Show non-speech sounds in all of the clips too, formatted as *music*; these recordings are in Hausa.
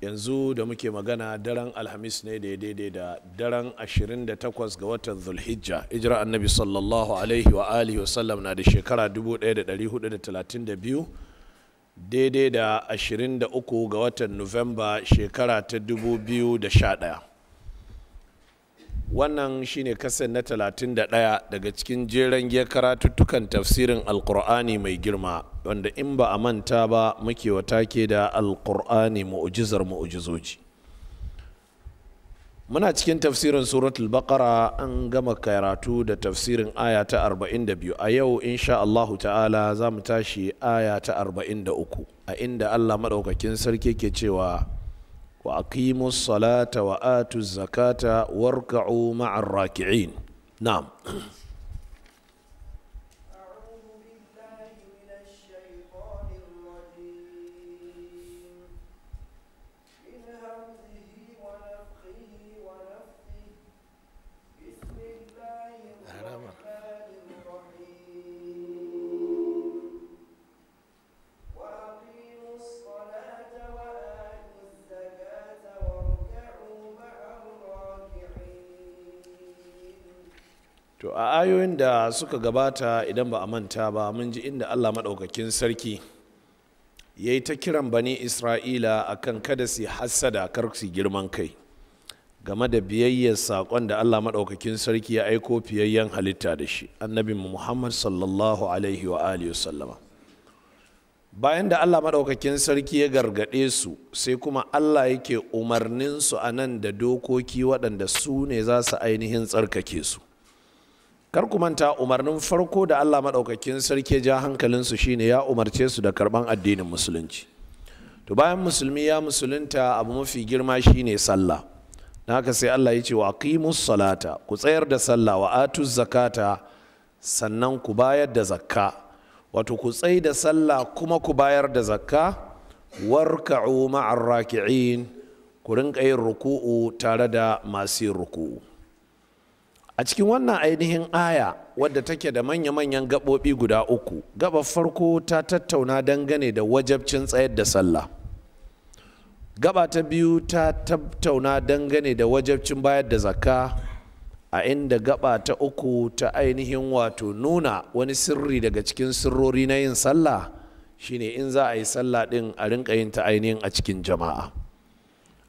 yanzu da muke magana daren alhamis ne da daidai da daren 28 ga watan zulhijja ijira annabi sallallahu alaihi wa alihi sallam na da shekara 1432 daidai da 23 ga watan novemba shekara ta 2011 wannan shine kasan na talatin da 31 daga cikin jeren giyar karatuttukan tafsirin alkur'ani mai girma wanda in ba a manta ba muke wata ke da alkur'ani mu'ujizar mu'ujizoji. muna cikin tafsirin suratul baqara an gama karatu da tafsirin aya ta biyu a yau insha Allah ta'ala za mu tashi aya ta uku a inda Allah maɗaukakin sarki ke cewa wa aqimus salata wa atuz zakata warka'u ma'ar raki'in na. to a ayoyin da suka gabata idan ba a manta ba mun ji inda allah maɗaukakin sarki ya yi ta kiran bani isra'ila akan kada su hassada kar su girman kai game da biyayyar saƙon da allah maɗaukakin sarki ya aiko fiyayyen halitta da shi annabin muhammad sallallahu alaihi wa alihi sallama bayan da allah maɗaukakin sarki ya gargaɗe su sai kuma allah yake umarninsu a nan da dokoki waɗanda su ne za su ainihin tsarkake su kar ku manta umarnin farko da Allah maɗaukakin sarki ja hankalinsu shine ya umarce su da karɓan addinin musulunci to bayan musulmi ya musulunta abu mafi girma shine sallah na haka sai Allah ya ce wa aqimus salata ku tsayar da sallah wa atuz zakata sannan ku bayar da zakka wato ku tsayi da sallah kuma ku bayar da zakka warka'u ma'ar raki'in ku rinka yin ruku'u tare da masu yin ruku'u a cikin wannan ainihin aya wadda take da manya-manyan gaɓoɓi guda uku gaba farko ta tattauna dangane da wajabcin tsayar da sallah gaba ta biyu ta tattauna dangane da wajabcin bayar da zakka a inda gaba ta uku ta ainihin wato nuna wani sirri daga cikin sirrori na yin sallah shine in za a yi sallah ɗin a rinka yin ta ainihin a cikin jama'a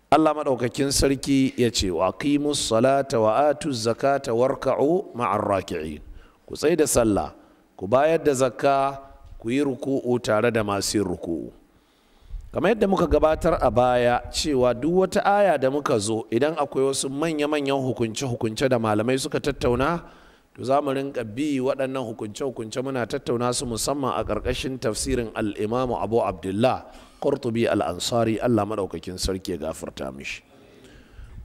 Allah maɗaukakin sarki ya ce wa kimu salata wa atu zakata warka'u ma'ar raki'in ku tsai da sallah ku bayar da zakka ku yi ruku'u tare da masu ruku'u kamar yadda muka gabatar a baya cewa duk wata aya da muka zo idan akwai wasu manya-manyan hukunce-hukunce da malamai suka tattauna to za mu rinka bi waɗannan hukunce-hukunce muna tattauna su musamman a ƙarƙashin tafsirin al'imamu abu abdullah qurtubi al-ansari Allah madaukakin sarki ya gafarta mishi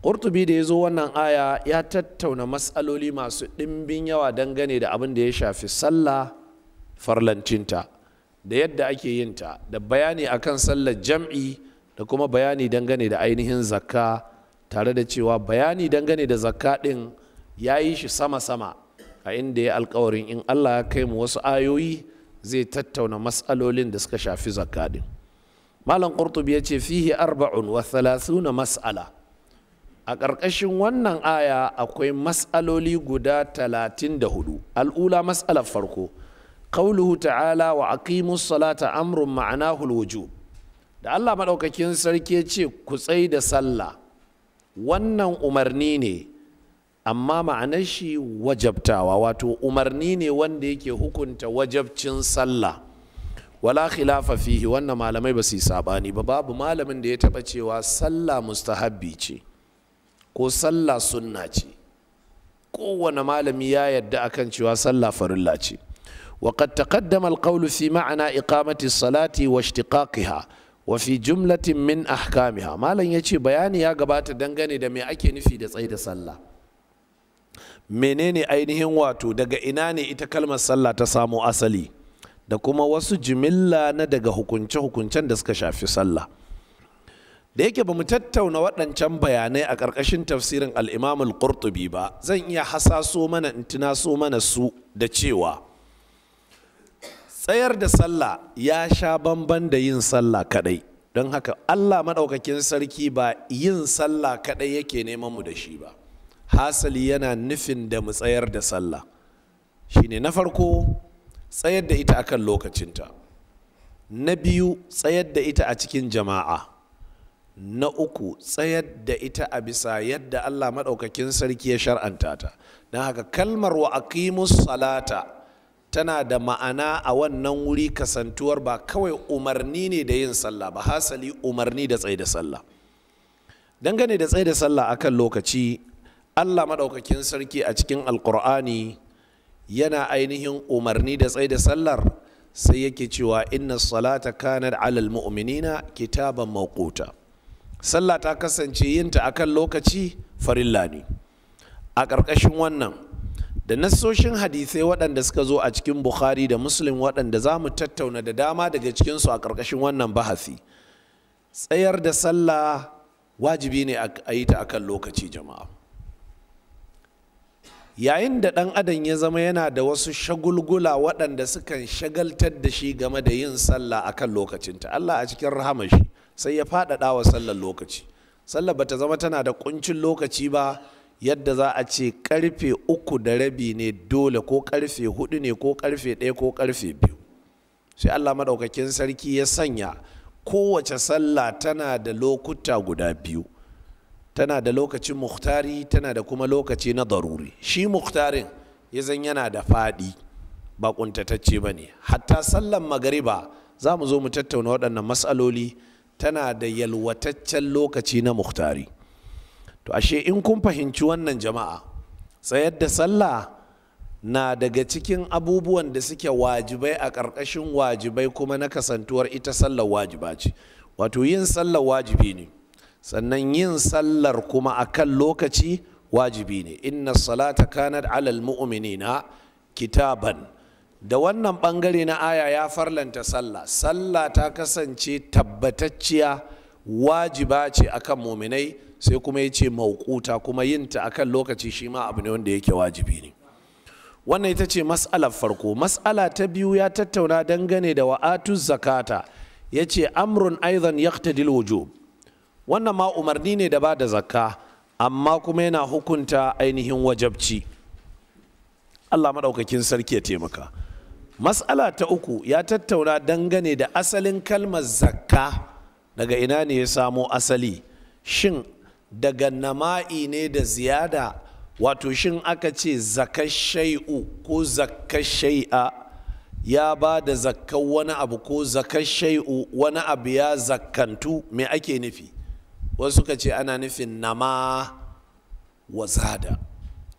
qurtubi da ya zo wannan aya ya tattauna matsaloli masu ɗimbin yawa dangane da abin da ya shafi sallah farlancinta da yadda ake yin ta da bayani akan sallar jam'i da kuma bayani dangane da ainihin zakka tare da cewa bayani dangane da zakka ɗin ya yi shi sama-sama a inda ya alkawarin in Allah ya kai mu wasu ayoyi zai tattauna matsalolin da suka shafi zakka ɗin. malam qurtubi ya ce fihi arba'un wa thalathuna mas'ala a ƙarƙashin wannan aya akwai mas'aloli guda talatin da hudu al'ula mas'alar farko qauluhu ta'ala wa aqimus salata amrun ma'anahu alwujub da Allah maɗaukakin sarki ce ku tsai da sallah wannan umarni ne amma ma'anar shi wajabtawa wato umarni ne wanda yake hukunta wajabcin sallah wala khilafa fihi wannan malamai ba su yi sabani ba babu malamin da ya taba cewa sallah mustahabbi ce ko sallah sunna ce kowane malami ya yadda akan cewa sallah farilla ce wa qad taqaddama alqawlu fi ma'na iqamati salati wa ishtiqaqiha wa fi jumlatin min ahkamiha malam yace bayani ya gabata dangane da me ake nufi da tsaida da sallah menene ainihin wato daga ina ne ita kalmar sallah ta samo asali da kuma wasu jimilla na daga hukunce-hukuncen da suka shafi sallah da yake ba mu tattauna waɗancan bayanai a ƙarƙashin tafsirin al'imamul qurtubi ba zan iya hasaso mana in so mana su da cewa tsayar da sallah ya sha bamban da yin sallah kaɗai don haka allah maɗaukakin sarki ba yin sallah kaɗai yake neman mu da shi ba hasali yana nufin da mu tsayar da sallah Shi ne na farko tsayar da ita akan lokacinta na biyu tsayar da ita a cikin jama'a na uku tsayar da ita a bisa yadda allah maɗaukakin sarki ya shar'anta ta don haka kalmar wa aqimus salata tana da ma'ana a wannan wuri kasantuwar ba kawai umarni ne da yin sallah ba hasali umarni da tsaye da sallah dangane da tsaye da sallah akan lokaci allah maɗaukakin sarki a cikin alkur'ani yana ainihin umarni da tsaye da sallar sai yake cewa inna salata kanat alal mu'minina kitaban mawquta sallah ta kasance yinta akan lokaci farilla ne a ƙarƙashin wannan da nassoshin hadisai waɗanda suka zo a cikin bukhari da muslim waɗanda za mu tattauna da dama daga cikinsu a ƙarƙashin wannan bahasi tsayar da sallah wajibi ne a yi ta akan lokaci jama'a yayin da ɗan adam ya zama yana da wasu shagulgula waɗanda sukan shagaltar da shi game da yin sallah a kan lokacinta allah a cikin rahama shi sai ya faɗaɗa wa sallar lokaci sallar bata zama tana da ƙuncin lokaci ba yadda za a ce karfe uku da rabi ne dole ko karfe hudu ne ko karfe ɗaya ko karfe biyu sai allah maɗaukakin sarki ya sanya kowace sallah tana da lokuta guda biyu tana da lokacin muhtari tana da kuma lokaci na daruri shi muhtarin ya zan yana da faɗi ba ƙuntatacce ba ne hatta sallan magariba za mu zo mu tattauna waɗannan matsaloli tana da yalwataccen lokaci na muhtari to ashe in kun fahimci wannan jama'a tsayar da sallah na daga cikin abubuwan da suke wajibai a ƙarƙashin wajibai kuma na kasantuwar ita sallar wajiba ce wato yin sallar wajibi ne sannan yin sallar kuma a kan lokaci wajibi ne inna salata kanat alal na kitaban da wannan bangare na aya ya farlanta sallah sallah ta kasance tabbatacciya wajiba ce akan muminai sai kuma ya ce maukuta kuma yinta akan lokaci shi ma abu ne wanda yake wajibi ne wannan ita ce mas'alar farko mas'ala ta biyu ya tattauna dangane da wa'atu zakata ya ce amrun aizan yaqtadil wujub wannan ma umarni ne da ba da zakka amma kuma yana hukunta ainihin wajabci allah maɗaukakin sarki ya taimaka matsala ta uku ya tattauna dangane da asalin kalmar zakka daga ina ne ya samo asali shin daga nama'i ne da ziyada wato shin aka ce shai'u ko shai'a ya ba da zakkan wani abu ko shai'u wani abu ya zakkantu me ake nufi wasu suka ce ana nufin nama wa zada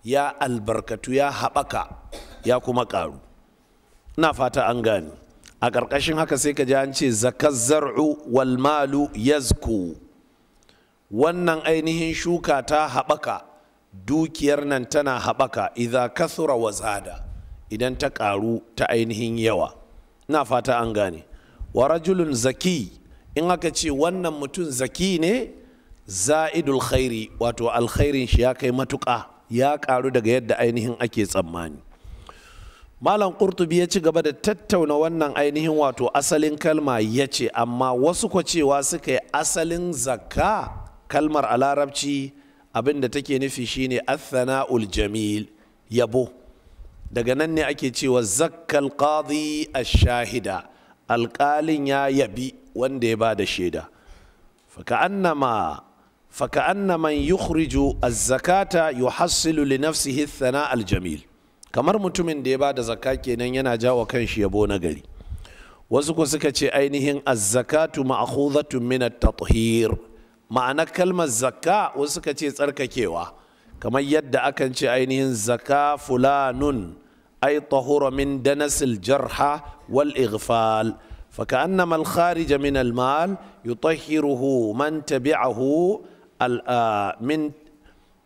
ya albarkatu ya haɓaka ya kuma ƙaru ina fata an gani a ƙarƙashin haka sai ka ji an ce zakar zar'u wal malu yazku wannan ainihin shuka ta haɓaka dukiyar nan tana haɓaka idan kathura wa zada idan ta ƙaru ta ainihin yawa ina fata an gane wa rajulun zaki in aka ce wannan mutum zaki ne za'idul khairi wato alkhairin shi ya kai matuƙa ya ƙaru daga yadda ainihin ake tsammani malam ƙurtubi ya ci gaba da tattauna wannan ainihin wato asalin kalma ya ce amma wasu kwa cewa suka yi asalin zakka kalmar a larabci abin da take nufi shine athana'ul jamil yabo daga nan ne ake cewa zakkal qadi ash-shahida alƙalin ya yabi wanda ya ba da shaida fa ka'annama faka'anna man yukhriju az-zakata yuhassilu li nafsihi kamar mutumin da ya ba da zakka kenan yana wa kanshi yabo na gari wasu ku suka ce ainihin azzakatu zakatu ma'khudhatun min at-tathhir ma'ana kalmar zakka wasu suka ce tsarkakewa kamar yadda akan ce ainihin zakka fulanun ay tahura min danasil jarha wal ighfal فكأنما الخارج mal yu يطهره man تبعه من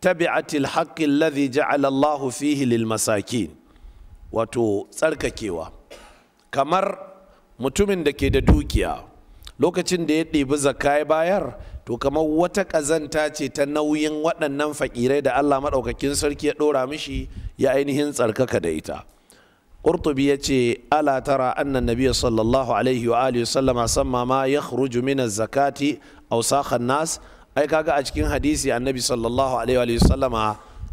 تبعة الحق الذي جعل الله فيه للمساكين wato tsarkakewa kamar mutumin da ke da dukiya lokacin da ya ɗebi zakka bayar to kamar wata ƙazanta ce ta nauyin waɗannan fakirai da allah maɗaukakin sarki ya ɗora mishi ya ainihin tsarkaka da ita ƙurtubi ya ce ala tara annan nabiya sallallahu alaihi wa alihi samma ma ya min zakati ausakhan nas ai kaga a cikin hadisi annabi sallallahu alaihi wa sallama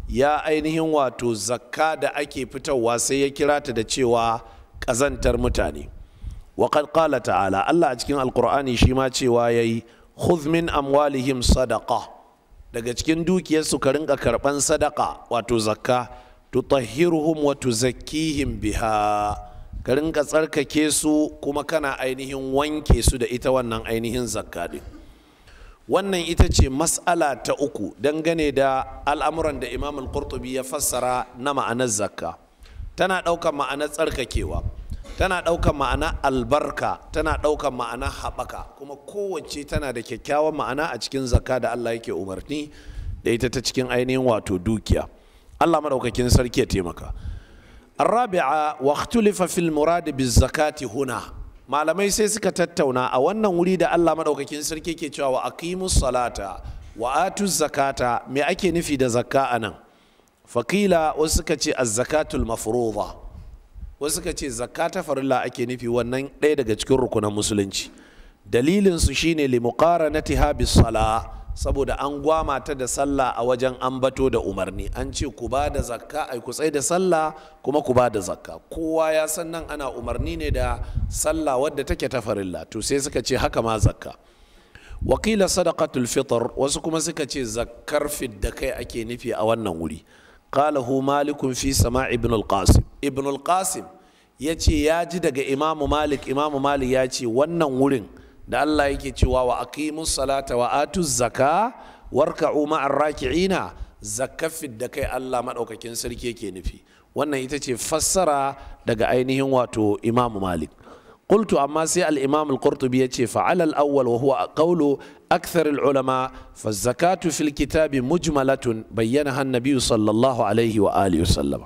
ya ainihin wato zakka da ake fitarwa sai ya kira ta da cewa ƙazantar mutane waƙad qala ta'ala allah a cikin alƙur'ani shi ma cewa yayi yi min amwalihim sadaka daga cikin dukiyarsu ka rinka karɓan sadaka wato zakka tutahhiruhum wa tuzakkihim biha ka rinka tsarkake su kuma kana ainihin wanke su da ita wannan ainihin zakka din wannan ita ce mas'ala ta uku dangane da al'amuran da imam al-qurtubi ya fassara na ma'anar zakka tana ɗaukar ma'anar tsarkakewa tana ɗaukar ma'ana albarka tana ɗaukar ma'ana haɓaka kuma kowace tana da kyakkyawan ma'ana a cikin zakka da allah yake umarni da ita ta cikin ainihin wato dukiya allah maɗaukakin sarki ya taimaka الرابعة واختلف في المراد بالزكاة هنا malamai sai suka tattauna a wannan wuri da Allah maɗaukakin sarki ke cewa wa aqimus salata wa atuz zakata me ake nufi da zakka anan fakila wasu suka ce az-zakatul mafruḍa wasu suka ce zakata ta farilla ake nufi wannan ɗaya daga cikin rukunan musulunci dalilin su shine li muqaranatiha bis sala saboda an gwama ta da sallah a wajen ambato da umarni an ce ku ba da zakka ai ku tsaye da sallah kuma ku ba da zakka kowa ya san nan ana umarni ne da sallah wadda take ta farilla to sai suka ce haka ma zakka wakila sadaqatul fitr wasu kuma suka ce zakkar fidda kai ake nufi a wannan wuri qala hu malikun fi sama ibn al-qasim ibn al-qasim yace ya ji daga imamu malik imamu malik ya ce wannan wurin da Allah yake cewa wa aqimus salata wa atuz zaka warka'u ma'ar raki'ina Zakafi da kai Allah madaukakin sarki yake nufi wannan ita ce fassara daga ainihin wato Imam Malik qultu amma sai al-Imam al-Qurtubi yace fa alal awwal wa huwa qawlu akthar al-ulama fa zakatu fil kitabi mujmalatun bayyanaha an sallallahu alaihi wa alihi wa sallam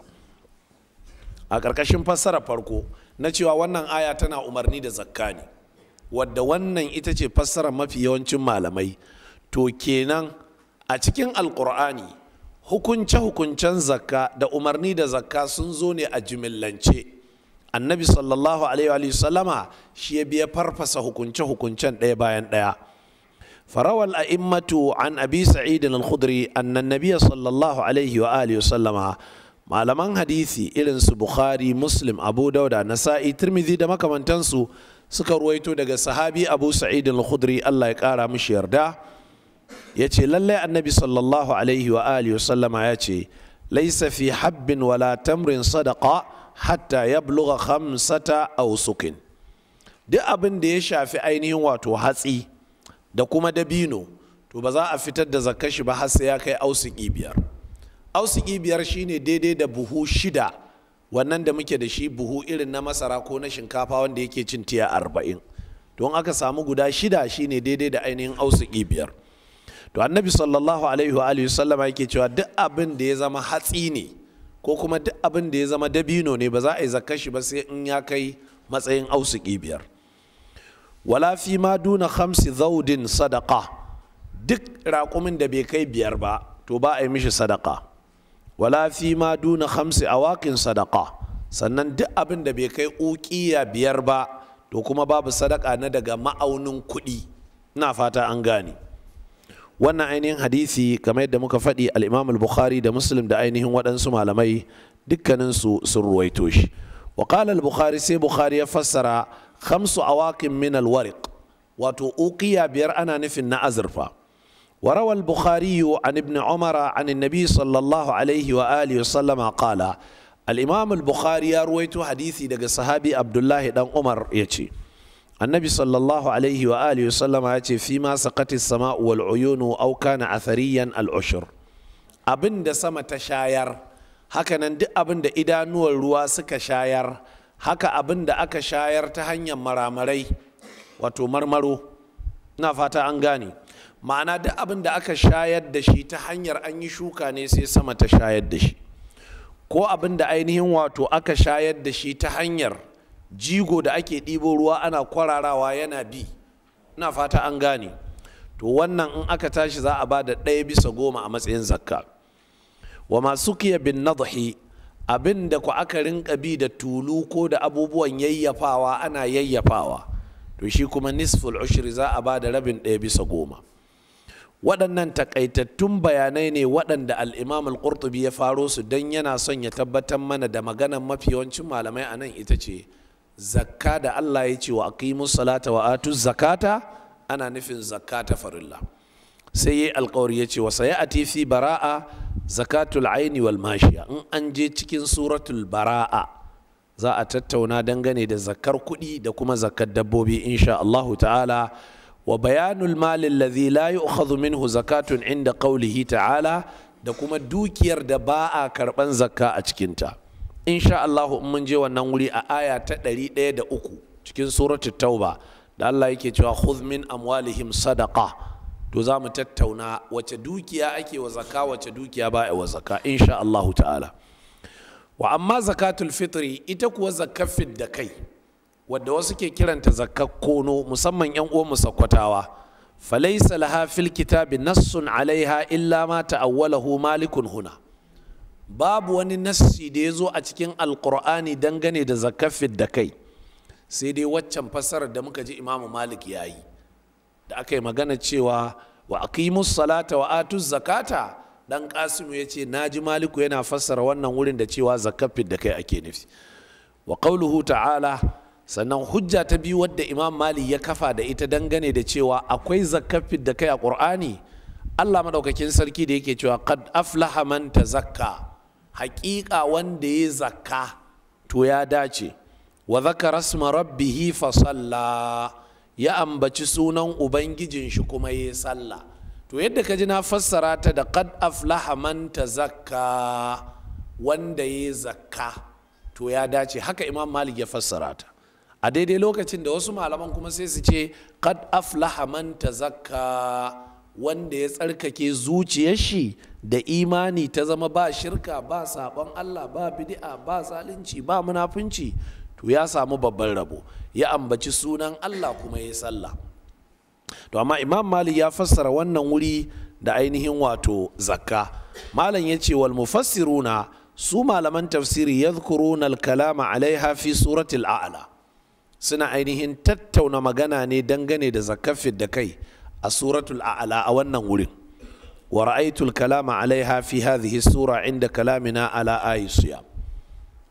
a karkashin fassara farko na cewa wannan aya tana umarni da zakka ne wadda wannan ita ce fassara mafi yawancin malamai to kenan a cikin alkur'ani hukunce-hukuncen zakka da umarni da zakka sun zo ne a jimillance annabi sallallahu alaihi sallama shi ya biya farfasa hukunce-hukuncen ɗaya bayan ɗaya فروى الأئمة عن أبي سعيد الخدري أن النبي صلى الله عليه وآله وسلم malaman hadisi إلنس بخاري bukhari muslim abu dauda nasa'i دمك da makamantansu suka ruwaito daga sahabi abu sa'id al-khudri allah ya kara mishi yarda ya ce lallai annabi sallallahu alaihi wa alihi sallama ya ce laisa fi habbin wala tamrin sadaqa hatta ya khamsata aw sukin duk abin da ya shafi ainihin wato hatsi da kuma dabino to ba za a fitar da zakkashi ba har sai ya kai ausiki biyar ausiki biyar shine daidai da buhu shida wannan da muke da shi buhu irin na masara ko na shinkafa wanda yake cin tiya arba'in don aka samu guda shida shine daidai da ainihin ausuki biyar to annabi sallallahu alaihi wa sallama yake cewa duk abin da ya zama hatsi ne ko kuma duk abin da ya zama dabino ne ba za a yi zakka shi ba sai in ya kai matsayin ausuki biyar wala fi ma duna khamsi zaudin sadaka duk rakumin da bai kai biyar ba to ba a yi mishi sadaka wala fi ma duna khamsi awakin sadaka sannan duk abin da bai kai ukiya biyar ba to kuma babu sadaka na daga ma'aunin kuɗi ina fata an gane wannan ainihin hadisi kamar yadda muka faɗi al-imam al-bukhari da muslim da ainihin waɗansu malamai dukkaninsu sun ruwaito shi wa qala al-bukhari sai bukhari ya fassara khamsu awakin min al-wariq wato ukiya biyar ana nufin na azurfa وروى البخاري عن ابن عمر عن النبي صلى الله عليه وآله وسلم قال الإمام البخاري رويت حديثي دق صحابي عبد الله بن عمر يتي النبي صلى الله عليه وآله وسلم يتي فيما سقط السماء والعيون أو كان أثريا العشر أبن سما تشاير hakanan duk abin da idanuwar ruwa suka shayar haka abin da aka shayar ta hanyar maramarai wato marmaro na fata an gane ma'ana duk abin da aka shayar da shi ta hanyar an yi shuka ne sai sama ta shayar da shi ko abin da ainihin wato aka shayar da shi ta hanyar jigo da ake ɗibo ruwa ana kwararawa yana bi ina fata an gane to wannan in aka tashi za a ba da ɗaya bisa goma a matsayin zakka wa masu kiya bin nadhi abin da ku aka rinka bi da tulu ko da abubuwan yayyafawa ana yayyafawa to shi kuma nisful ushri za a ba da rabin ɗaya bisa goma waɗannan takaitattun bayanai ne waɗanda al'imam al-qurtubi ya faro su don yana son ya tabbatar mana da maganar mafi yawancin malamai a nan ita ce zakka da allah ya ce wa aqimu salata wa atu zakata ana nufin zakata farilla sai yi alkawari ya ce wa sayati fi bara'a zakatul aini wal mashiya in an je cikin suratul bara'a za a tattauna dangane da zakar kuɗi da kuma zakar dabbobi insha allahu ta'ala wa bayanul malin ladhi la yu'khadhu minhu zakatun inda qawlihi ta'ala da kuma dukiyar da ba a karban zakka a cikinta insha Allah in mun je wannan wuri a aya ta ɗari da uku cikin suratul tauba da Allah yake cewa khudh min amwalihim sadaqa to za mu tattauna wace dukiya ake wa zakka wace dukiya ba a wa zakka insha Allah ta'ala wa amma zakatul fitri ita kuwa zakkar da kai wadda wasu ke kiranta zakakkono musamman yan uwa musakkwatawa falaisa laha fil kitabi nassun alaiha illa ma ta'awwalahu malikun huna babu wani nassi da ya zo a cikin alqur'ani dangane da zakafin da kai sai dai waccan fassarar da muka ji imamu malik ya yi da aka yi magana cewa wa aqimu salata wa atu zakata dan kasimu ya ce ji maliku yana fassara wannan wurin da cewa zakafin da kai ake nufi wa qauluhu ta'ala sannan hujja ta biyu wadda imam mali ya kafa da ita dangane da cewa akwai zakafi da kai a ƙur'ani allah maɗaukakin sarki da yake cewa kad aflaha man zakka haƙiƙa wanda ya zakka to ya dace wa zaka rasma rabbihi fa salla ya ambaci sunan ubangijin shi kuma ya sallah to yadda ka ji na fassara ta da kad aflaha man zakka wanda ya zakka to ya dace haka imam malik ya fassara ta a daidai lokacin da wasu malaman kuma sai su ce kad aflaha man tazakka wanda ya tsarkake zuciyar shi da imani ta zama ba shirka ba sabon Allah ba bid'a ba zalunci ba munafunci to ya samu babban rabo ya ambaci sunan Allah kuma ya sallah to amma imam malik ya fassara wannan wuri da ainihin wato zakka malam ya ce wal mufassiruna su malaman tafsiri yadhkuruna al kalama alaiha fi suratil a'la suna ainihin tattauna magana ne dangane da zakafin da kai a suratul a'ala a wannan wurin wa ra'aytul kalama alaiha fi hadhihi sura inda kalamina ala ayisiya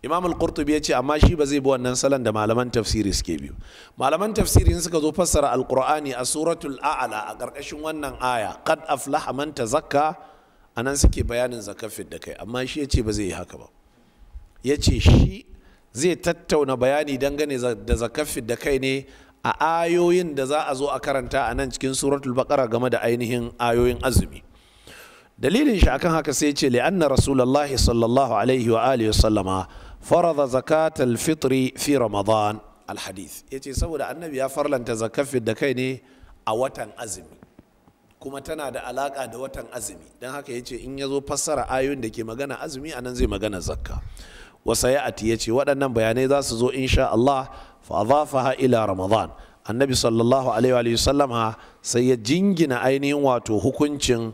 imam al-qurtubi ya ce amma shi ba zai bi wannan salon da malaman tafsiri suke biyu malaman tafsiri suka zo fassara alqur'ani a suratul a'ala a ƙarƙashin wannan aya qad aflaha man tazakka anan suke bayanin zakafin da kai amma shi ya ce ba zai yi haka ba ya ce shi zai tattauna bayani dangane da zakafi da kai ne a ayoyin da za a zo a karanta a nan cikin suratul baqara game da ainihin ayoyin azumi dalilin shi akan haka sai ce li'anna rasulullahi sallallahu alaihi wa alihi sallama farada zakatal fitri fi ramadan alhadith yace saboda annabi ya farlanta zakafi da kai ne a watan azumi kuma tana da alaka da watan azumi dan haka yace in ya zo fassara ayoyin da ke magana azumi anan zai magana zakka wa sayati yace waɗannan bayanai za su zo insha Allah fa adafaha ila ramadan annabi sallallahu alaihi wa sallam sai ya jingina ainihin wato hukuncin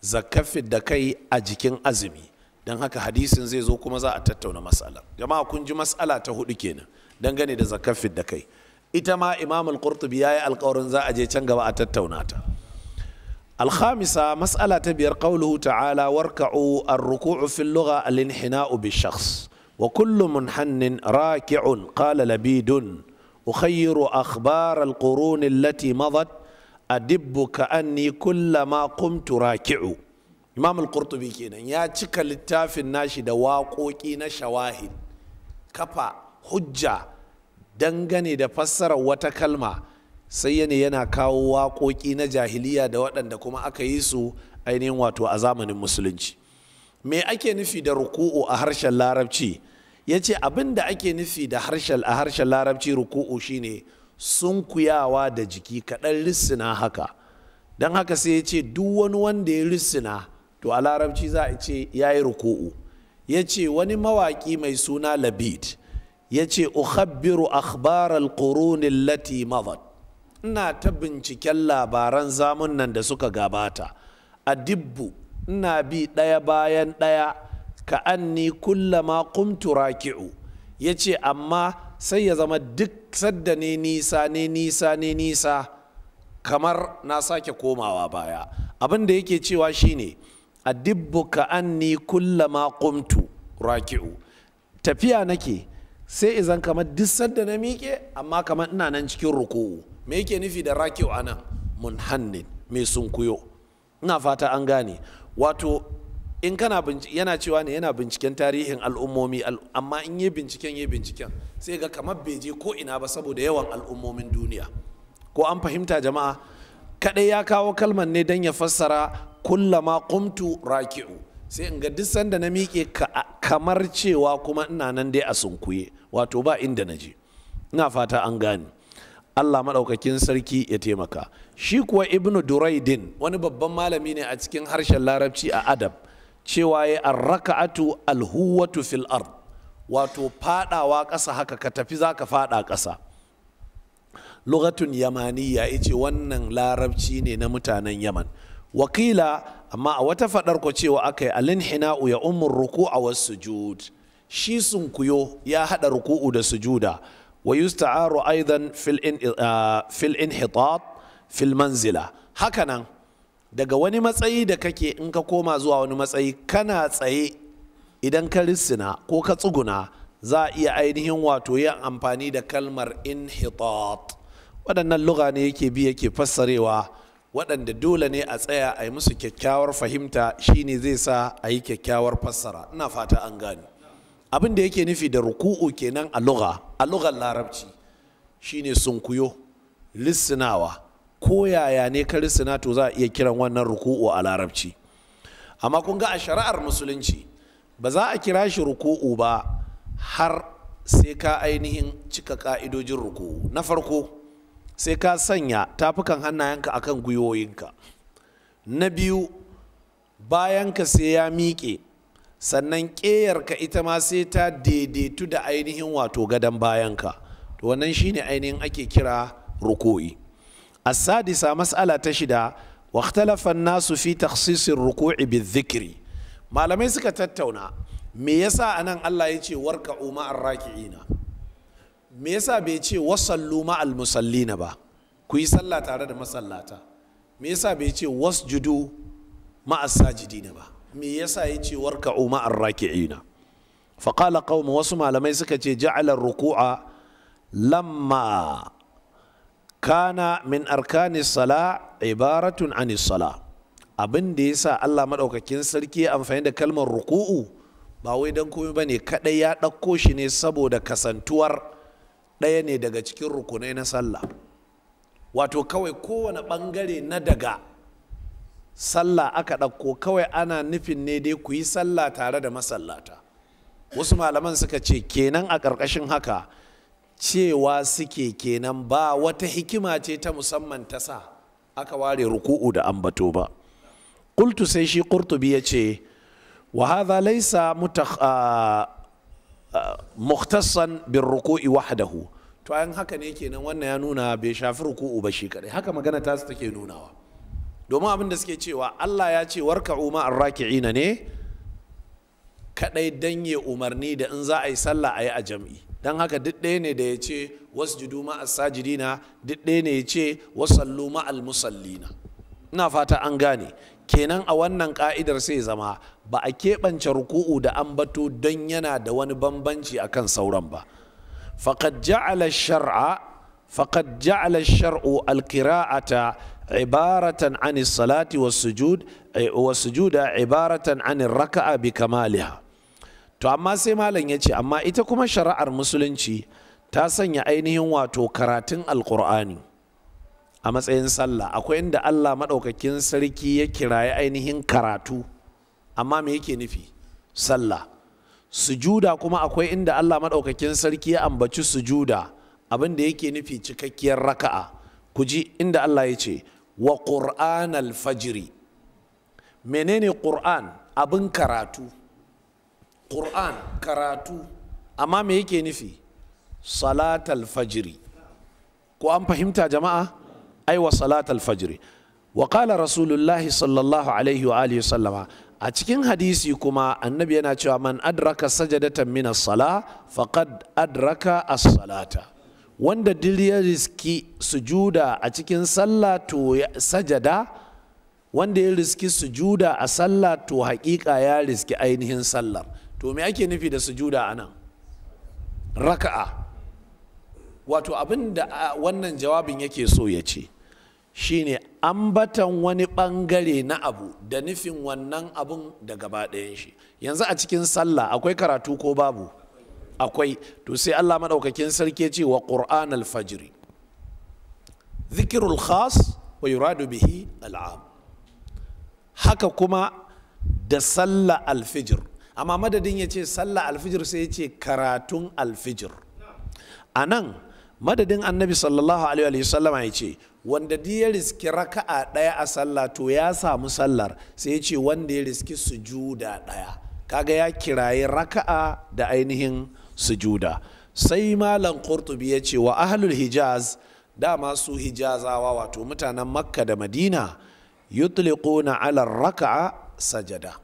zakafin da kai a jikin azumi don haka hadisin zai zo kuma za a tattauna mas'alar. jama'a kun ji mas'ala ta hudu kenan dangane da zakafin da kai ita ma imam al-qurtubi yayi alƙawarin za a je can gaba a tattauna ta الخامسة ta بير قوله تعالى واركعوا الركوع في اللغة الانحناء بالشخص Wa منحن راكع قال لبيد أخير أخبار القرون التي مضت أدب كأني كلما قمت راكع imam al-qurtubi kenan ya cika littafin nashi da waƙoƙi na shawahid kafa hujja dangane da fassarar wata kalma sai yana yana kawo waƙoƙi na jahiliya da waɗanda kuma aka yi su ainihin wato a zamanin musulunci me ake nufi da ruku'u a harshen larabci ya ce abin da ake nufi da harshen a harshen larabci ruku'u shine sunkuyawa da jiki kaɗan lissina haka don haka sai ya ce duk wani wanda ya lissina to a larabci za a ce ya yi ruku'u ya ce wani mawaƙi mai suna labid ya ce ukhabbiru akhbaral qurunin lati madat ina ta binciken labaran zamun nan da suka gabata a dibbu ina bi ɗaya bayan ɗaya ka anni kullama kumtu raki'u yace amma sai ya zama duk sadda ne nisa ne nisa ne nisa kamar na sake komawa baya abin da yake cewa shine a ka anni kullama kumtu raki'u tafiya nake sai izan kamar duk sadda na miƙe amma kamar ina nan cikin ruku'u me yake nufi da raki'u anan munhannin mai sunkuyo ina fata an gane wato in kana yana cewa ne yana binciken tarihin al'ummomi amma in yi binciken yi binciken sai ga kamar bai je ko ina ba saboda yawan al'ummomin duniya ko an fahimta jama'a kadai ya kawo kalman ne don ya fassara kullama kumtu raki'u sai in ga duk sanda na miƙe kamar cewa kuma ina nan dai a sunkuye wato ba inda na je ina fata an gani. Allah maɗaukakin sarki ya taimaka shi kuwa ibnu duraidin wani babban malami ne a cikin harshen larabci a adab cewa ya arraka'atu alhuwatu fil ard wato fadawa ƙasa haka ka tafi za ka fada ƙasa lugatun yamaniya ya ce wannan larabci ne na mutanen yaman wakila amma a wata faɗar ko cewa aka yi alinhina'u ya umar a wasu sujud shi sunkuyo ya haɗa ruku'u da sujuda ويستعار أيضا في, الان في الانحطاط في المنزلة هكذا daga wani matsayi da kake in ka koma zuwa wani matsayi kana tsaye idan ka rissina ko ka tsuguna za a iya ainihin wato yin amfani da kalmar inhitat waɗannan lugane ne yake bi yake fassarewa waɗanda dole ne a tsaya a yi musu kyakkyawar fahimta shine zai sa a yi kyakkyawar fassara ina fata an gani. abin da yake nufi da ruku'u kenan a lugha a lughar larabci shine sunkuyo lissinawa ko yaya ne ka lissina to za a iya kiran wannan ruku'u a larabci amma kun ga a shari'ar musulunci ba za a kira shi ruku'u ba har sai ka ainihin cika ka'idojin ruku'u na farko sai ka sanya tafukan hannayenka akan gwiwoyinka na biyu bayanka sai ya miƙe sannan ƙeyarka ita ma sai ta daidaitu da ainihin wato gadon bayanka to wannan shine ainihin ake kira ruku'i as-sadisa mas'ala ta shida واختلف nasu taksisin takhsisir ruku'i bizikri malamai suka tattauna me yasa anan Allah ya ce warka umma arraki'ina me yasa bai ce wasallu ma almusallina ba ku yi sallah tare da masallata me yasa bai ce wasjudu ma as-sajidina ba me yasa yace Umar ma'ar raki'ina fa qala qaum wasu malamai suka ce ja'alar ruku'a lamma kana min arkani sala ibaratun an sala abin da sa Allah maɗaukakin sarki ya amfani da kalmar ruku'u ba wai dan komai bane kadai ya ɗauko shi ne saboda kasantuwar ɗaya ne daga cikin rukunai na sallah wato kawai kowane ɓangare na daga sallah aka ɗauko kawai ana nufin ne dai ku yi sallah tare da masallata wasu malaman suka ce kenan a ƙarƙashin haka cewa suke kenan ba wata hikima ce ta musamman ta sa aka ware ruku'u da ambato ba ƙultu sai shi kurtubi ya ce wa hadha laysa bin ruku'i wahdahu to ayan haka ne kenan wannan ya nuna bai shafi ruku'u ba shi kadai haka magana ta take nunawa domin abin da suke cewa Allah ya ce warka umma arraki'ina ne Kaɗai dan ya umarni da in za a yi sallah a yi a jam'i Don haka duk ɗaya ne da ya ce wasu judu ma sajidina duk ɗaya ne ya ce wasallu ma'al musallina ina fata an gane kenan a wannan ka'idar sai zama ba a keɓance ruku'u da an bato don yana da wani bambanci akan sauran ba faƙad ja'ala shar'a ja'ala shar'u alƙira'ata عبارة عن الصلاة والسجود والسجود عبارة عن bi بكمالها to amma sai malam ya ce amma ita kuma shari'ar musulunci ta sanya ainihin wato karatun alkur'ani a matsayin sallah akwai inda allah maɗaukakin sarki ya kiraye ainihin karatu amma me yake nufi sallah sujuda kuma akwai inda allah maɗaukakin sarki ya ambaci sujuda abinda yake nufi cikakkiyar raka'a kuji inda allah ya ce wa ƙur'an alfajiri menene ƙur'an abin karatu ƙur'an karatu amma me yake nufi salat alfajiri ko an fahimta jama'a aiwa salat alfajiri wa ƙala rasulullahi sallallahu alaihi wa alihi sallama a cikin hadisi kuma annabi yana cewa man adraka sajadatan min as-sala faqad adraka as-salata wanda dil ya riski sujuda a cikin sallah to sajada wanda ya riski sujuda a sallah to haƙiƙa ya riski ainihin sallah to me ake nufi da sujuda a nan raka'a wato abin da wannan jawabin yake so ya ce shine ambatan wani bangare na abu da nufin wannan abun da gaba ɗayan shi yanzu a cikin sallah akwai karatu ko babu akwai to sai Allah madaukakin sarki ce wa qur'an al-fajr zikrul khas wa yuradu bihi al'am haka kuma da sallah alfijir amma madadin ya ce sallah alfijir sai ya ce karatun alfijir a nan madadin annabi sallallahu alaihi wa sallama ya ce wanda ya riski raka'a ɗaya a sallah to ya samu sallar sai ya ce wanda ya riski sujuda ɗaya kaga ya kirayi raka'a da ainihin sujuda sai malam kurtubi ya ce wa ahlul hijaz dama su hijazawa wato mutanen makka da madina yutliquna ala raka'a sajada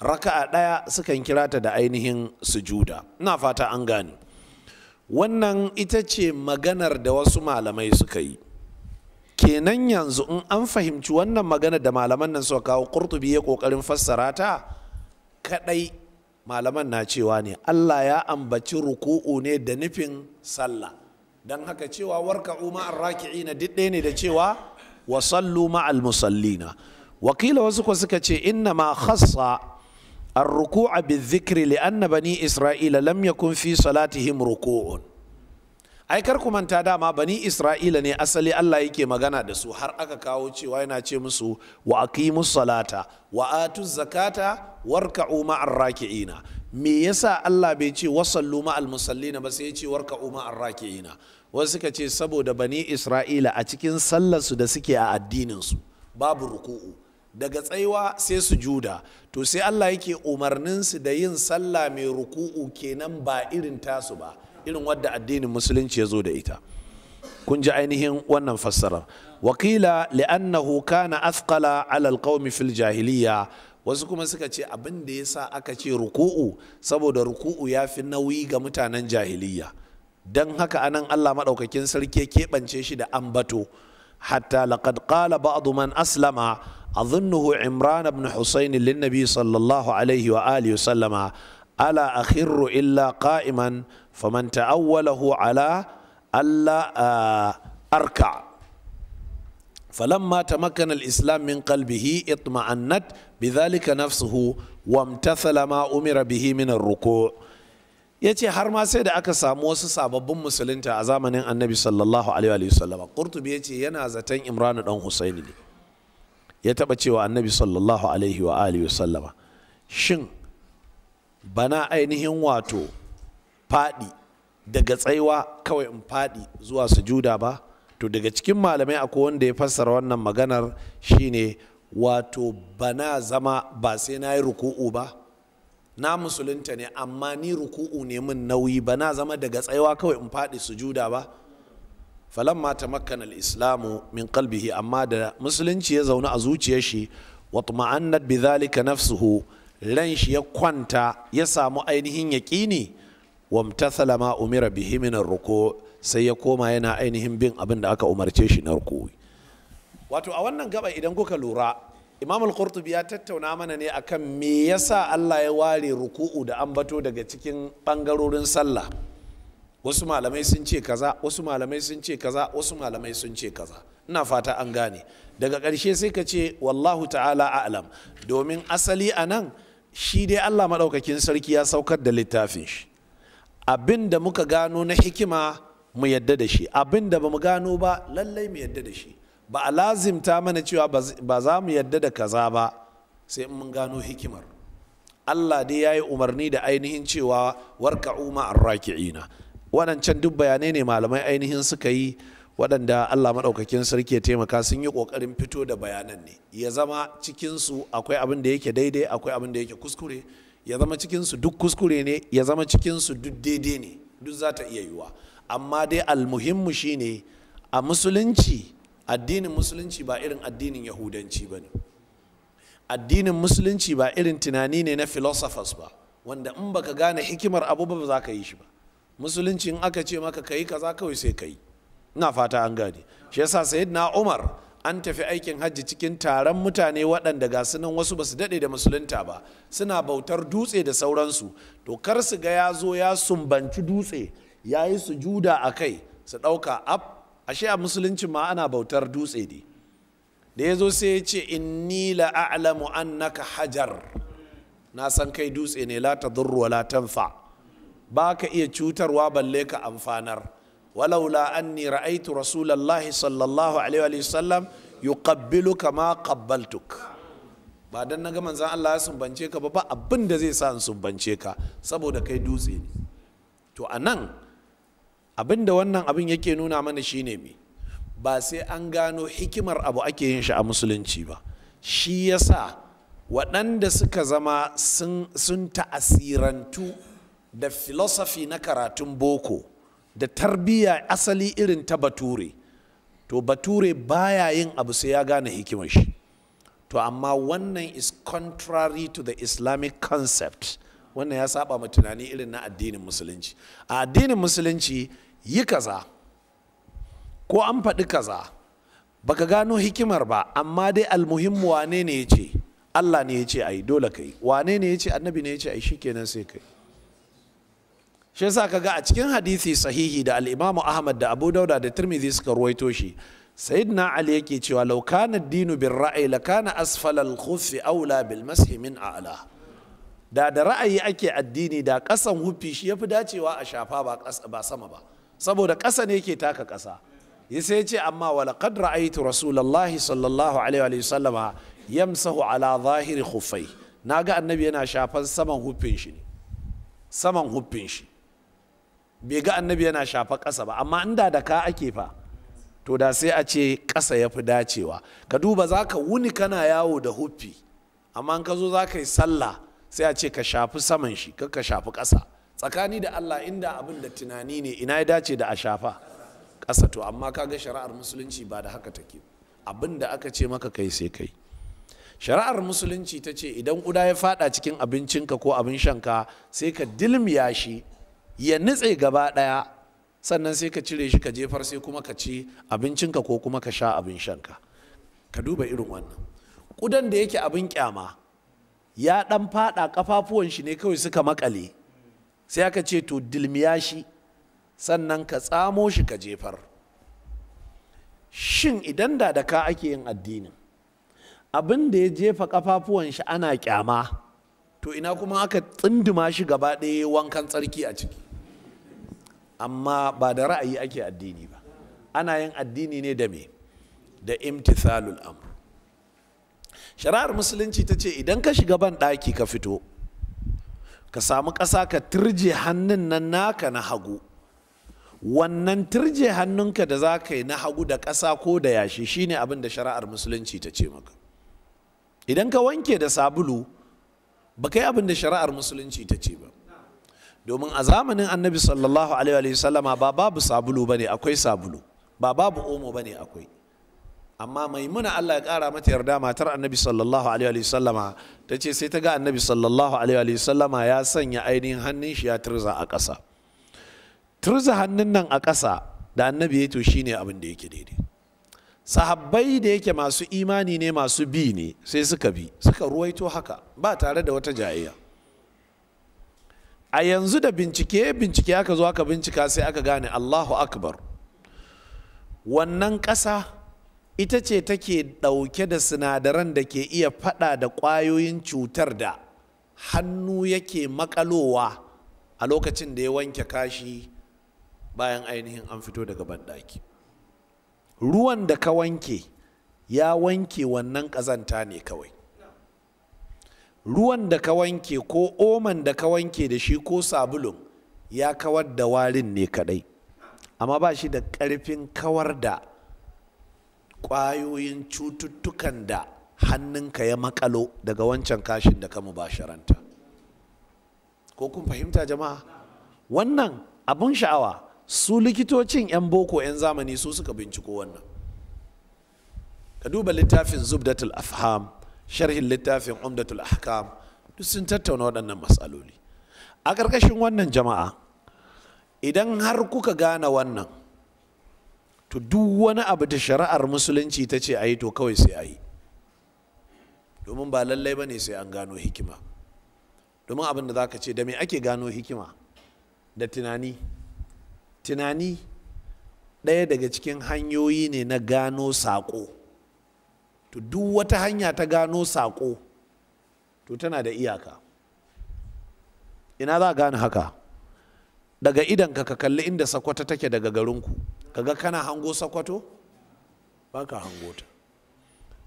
raka'a ɗaya sukan kira ta da ainihin sujuda ina fata an gane wannan ita ce maganar da wasu malamai suka yi kenan yanzu in an fahimci wannan magana da malaman nan suka kawo kurtubi ya kokarin fassara ta kadai malaman na cewa ne Allah ya ambaci ruku'u ne da nufin sallah don haka cewa warka umar raki'ina duk ɗaya ne da cewa wa sallu ma'al musallina wakila wasu ko suka ce inna ma khassa الركوع بالذكر لأن بني إسرائيل لم يكن في صلاتهم ركوع ai kar ku manta dama bani isra'ila ne asali allah yake magana da su har aka kawo cewa yana ce musu wa aqimus salata wa atu zakata warka'u ma'ar raki'ina me yasa allah bai ce wasallu ma'al musallina ba sai ya ce warka'u ma'ar raki'ina wasu suka ce saboda bani isra'ila a cikin sallar su da suke a addinin su babu ruku'u daga tsaiwa sai su juda to sai allah yake umarninsu da yin sallah mai ruku'u kenan ba irin tasu ba irin wadda addinin musulunci ya zo da ita kun ji ainihin wannan fassarar. wakila li'annahu kana athqala ala alqaumi fil jahiliya wasu kuma suka ce abin da ya sa aka ce ruku'u saboda ruku'u ya fi nauyi ga mutanen jahiliya don haka anan Allah maɗaukakin sarki keɓance shi da ambato hatta laqad qala ba'du man aslama أظنه عمران بن حسين للنبي صلى الله عليه وآله وسلم ألا أخر إلا قائما faman ta'awwalahu ala alla uh, arka فلما تمكن الإسلام من قلبه اطمأنت بذلك نفسه وامتثل ما أمر به من الركوع yace har ma sai da aka samu wasu sababbin musulunta a zamanin annabi sallallahu alaihi yace yana zaton imranu Ɗan husaini ne ya taɓa cewa annabi sallallahu shin bana ainihin wato faɗi daga tsaiwa kawai in faɗi zuwa sujuda ba to daga cikin malamai akwai wanda ya fassara wannan maganar shine wato bana zama ba sai na yi ruku'u ba na musulunta ne amma ni ruku'u ne min nauyi bana zama daga tsaiwa kawai in faɗi sujuda ba falamma mata al-islamu min qalbihi amma da musulunci ya zauna a zuciyar shi wa tuma'annat bidhalika nafsuhu ran shi ya kwanta ya samu ainihin yaƙini wamtathala ma umira bihi min ruku sai ya koma yana ainihin bin abin da aka umarce shi na ruku wato a wannan gaba idan kuka lura imam al-qurtubi ya tattauna mana ne akan me yasa Allah ya ware ruku'u da ambato daga cikin bangarorin sallah wasu malamai sun ce kaza wasu malamai sun ce kaza wasu malamai sun ce kaza ina fata an gane daga ƙarshe sai ka ce wallahu ta'ala a'lam domin asali a nan shi dai Allah maɗaukakin sarki ya saukar da littafin shi abin da muka gano na hikima mu yadda da shi abin da ba mu gano ba lallai mu yadda da shi ba a lazimta mana cewa ba za mu yadda da kaza ba sai mun gano hikimar Allah dai ya yi umarni da ainihin cewa warka umar ina waɗancan duk bayanai ne malamai ainihin suka yi waɗanda Allah maɗaukakin sarki ya taimaka sun yi ƙoƙarin fito da bayanan ne ya zama cikinsu akwai abin da yake daidai akwai abin da yake kuskure ya zama cikinsu duk kuskure ne ya zama cikinsu duk daidai ne duk za ta iya yiwuwa amma dai almuhimmu shine a musulunci addinin musulunci ba irin addinin yahudanci ba ne addinin musulunci ba irin tunani ne na philosophers ba wanda in baka gane hikimar abu ba za ka yi shi ba musulunci in aka ce maka kayi kaza kawai sai ka yi ina fata an gane shi yasa sayyidina umar an tafi aikin hajji cikin taron mutane waɗanda ga sunan wasu basu su daɗe da musulunta ba suna bautar dutse da sauransu to kar su ga ya zo ya sumbanci dutse ya yi su juda a kai su ɗauka ab ashe a musulunci ma ana bautar dutse ne da ya zo sai ya ce ni la a'lamu annaka hajar na san kai dutse ne la tadurru wa la tanfa ba ka iya cutarwa balle ka amfanar walaula anni ra'aitu rasulallahi sallallahu alaihi wa sallam yuqabbilu kama qabbaltuk ba dan naga manzon Allah ya sumbance ka ba ba zai sa in sumbance ka saboda kai dutse to anan abin da wannan abin yake nuna mana shine me ba sai an gano hikimar abu ake yin shi a musulunci ba shi yasa waɗanda suka zama sun ta'asirantu da filosofi na karatun boko da tarbiyya asali irin ta bature to bature baya yin abu sai ya gane hikimar shi to amma wannan is contrary to the islamic concept wannan ya saba mu tunani irin na addinin musulunci a addinin musulunci yi kaza ko an faɗi kaza baka gano hikimar ba amma dai almuhimmu wane ne ya ce allah ne ya ce a dole ka wane ne ya ce annabi ne ya ce a yi shikenan sai ka shi yasa kaga a cikin hadisi sahihi da al Ahmad da Abu Dauda da Tirmidhi suka ruwaito shi sayyidina Ali yake cewa law kana ad-dinu bir ra'yi la kana asfala al-khuffi awla bil mashi min a'la da da ra'ayi ake addini da kasan huffi shi yafi dacewa a shafa ba ba sama ba saboda kasa ne yake taka kasa sai ce amma wala qad ra'aytu rasulullahi sallallahu alaihi wa sallama yamsahu ala zahiri khuffai naga annabi yana shafan saman hufin shi ne saman huffin shi bai ga annabi yana shafa ƙasa ba amma inda da ka ake fa to da sai a ce ƙasa ya fi dacewa ka duba za ka wuni kana yawo da huffi amma in ka zo za ka yi sallah sai a ce ka shafi saman shi ka ka shafi ƙasa tsakani da allah inda abin da tunani ne ina ya dace da a shafa ƙasa to amma ka ga shari'ar musulunci ba da haka take abin da aka ce maka kai sai kai shari'ar musulunci ta ce idan ƙuda ya faɗa cikin abincinka ko abin shanka sai ka dilmiya shi ya nutse gaba ɗaya sannan sai ka cire shi ka jefar sai kuma ka ci abincinka ko kuma ka sha abin shanka ka duba irin wannan ƙudan da yake abin kyama ya ɗan faɗa ƙafafuwan shi ne kawai suka makale sai aka ce to dilmiya shi sannan ka tsamo shi ka jefar shin idan da da ka ake yin addinin abin da ya jefa kafafuwan shi ana kyama to ina kuma aka tsindima shi gaba ɗaya wankan tsarki a ciki amma ba da ra'ayi ake addini ba ana yin addini ne da me da imtithalul amr shari'ar musulunci ta ce idan ka shiga ban ɗaki ka fito ka samu ƙasa ka turje hannun nan naka na hagu wannan turje hannunka da za ka yi na hagu da kasa ko da yashi shine abin da shari'ar musulunci ta ce maka idan ka wanke da sabulu ba ka yi abin da shari'ar musulunci ta ce ba domin a zamanin annabi sallallahu alaihi sallama ba babu sabulu bane akwai sabulu ba babu omo bane akwai amma maimuna Allah ya kara mata yarda matar annabi sallallahu alaihi sallama ta ce sai ta ga annabi sallallahu alaihi sallama ya sanya ainihin hannun shi ya turza a ƙasa turza hannun nan a ƙasa da annabi ya to shine abin da yake daidai sahabbai da yake masu imani ne masu bi ne sai suka bi suka ruwaito haka ba tare da wata jayayya a yanzu da bincike bincike aka zo aka bincika sai aka gane allahu akbar wannan ƙasa ita ce take ɗauke da sinadaran da ke iya faɗa da ƙwayoyin cutar da hannu yake makalowa a lokacin da ya wanke kashi bayan ainihin an fito daga banɗaki ruwan da ka wanke ya wanke wannan ƙazanta ne kawai ruwan da ka wanke ko oman da ka wanke da shi ko sabulun ya kawar da warin ne kadai amma ba shi da ƙarfin kawar da ƙwayoyin cututtukan da hannunka ya makalo daga wancan kashin da ka mubasharanta ko kun fahimta jama'a wannan abin sha'awa su likitocin 'yan boko 'yan zamani su suka binciko wannan ka duba littafin zubdatul afham sharhin littafin umdatul ahkam duk sun tattauna waɗannan matsaloli a ƙarƙashin wannan jama'a idan har kuka gane wannan to duk wani abu da shari'ar musulunci ta ce a yi to kawai sai a yi domin ba lallai ba ne sai an gano hikima domin abin da za ka ce da me ake gano hikima da tunani tunani ɗaya daga cikin hanyoyi ne na gano saƙo to duk wata hanya ta gano saƙo to tana da iyaka ina za a gane haka daga idan ka kalli inda sakwata take daga garinku kaga kana hango sakwato ba ka hango ta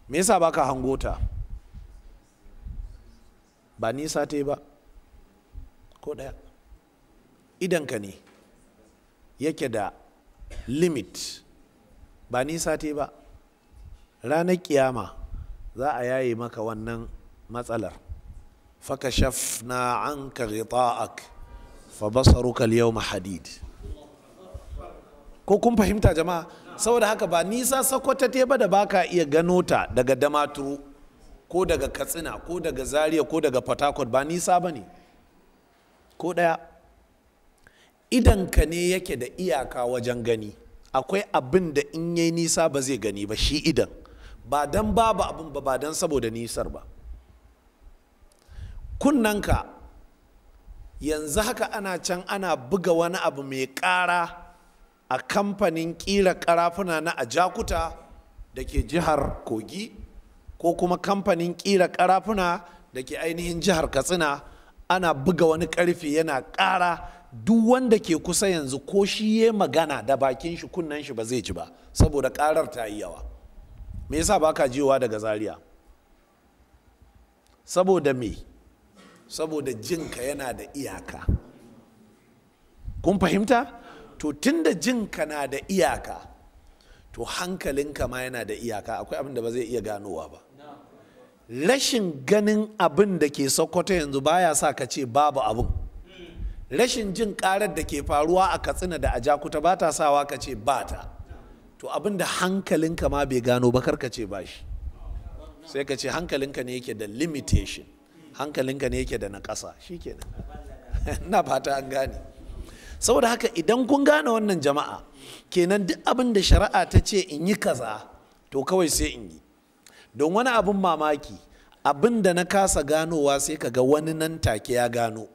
me yasa ba ka hango ta ba nisa ta ba ko ɗaya idanka ne yake da limit ba nisa te ba ranar kiyama za a yaye maka wannan matsalar fakashafna anka ghita'ak fa basaruka hadid ko kun fahimta jama'a saboda haka ba nisa sakwata te ba da baka iya gano ta daga damaturu ko daga katsina ko daga zaria ko daga port ba nisa ba ne ko ɗaya ka ne yake da iyaka wajen gani akwai abin da in yi nisa ba zai gani ba shi idan ba dan babu abin ba ba don saboda nisar ba kunnanka yanzu haka ana can ana buga wani abu mai ƙara a kamfanin ƙira ƙarafuna na ajakuta da ke jihar kogi ko kuma kamfanin ƙira ƙarafuna da ke ainihin jihar katsina ana buga wani ƙarfe yana ƙara duk wanda ke kusa yanzu ko shi ya magana da bakin shi kunnan shi ba zai ci ba saboda ƙarar ta yi yawa me yasa ba ka jiyowa daga zaria saboda me saboda jinka yana da iyaka kun fahimta to tunda jinka na da iyaka to hankalinka ma yana da iyaka akwai abin da ba zai iya ganowa ba rashin ganin abin da ke sokoto yanzu baya sa ka ce babu abin rashin jin karar da ke faruwa a katsina da a jakuta ba ta sawa ka ce ba ta to abin da hankalinka ma bai gano ba karka ce ba shi sai ka ce hankalinka ne yake da limitation hankalinka ne yake da na ƙasa shikenan *laughs* na fata an gane saboda haka idan kun gane wannan jama'a kenan duk abin da shari'a ta ce in yi kaza to kawai sai in yi don wani abin mamaki abin da na kasa ganowa sai ka ga wani nan take ya gano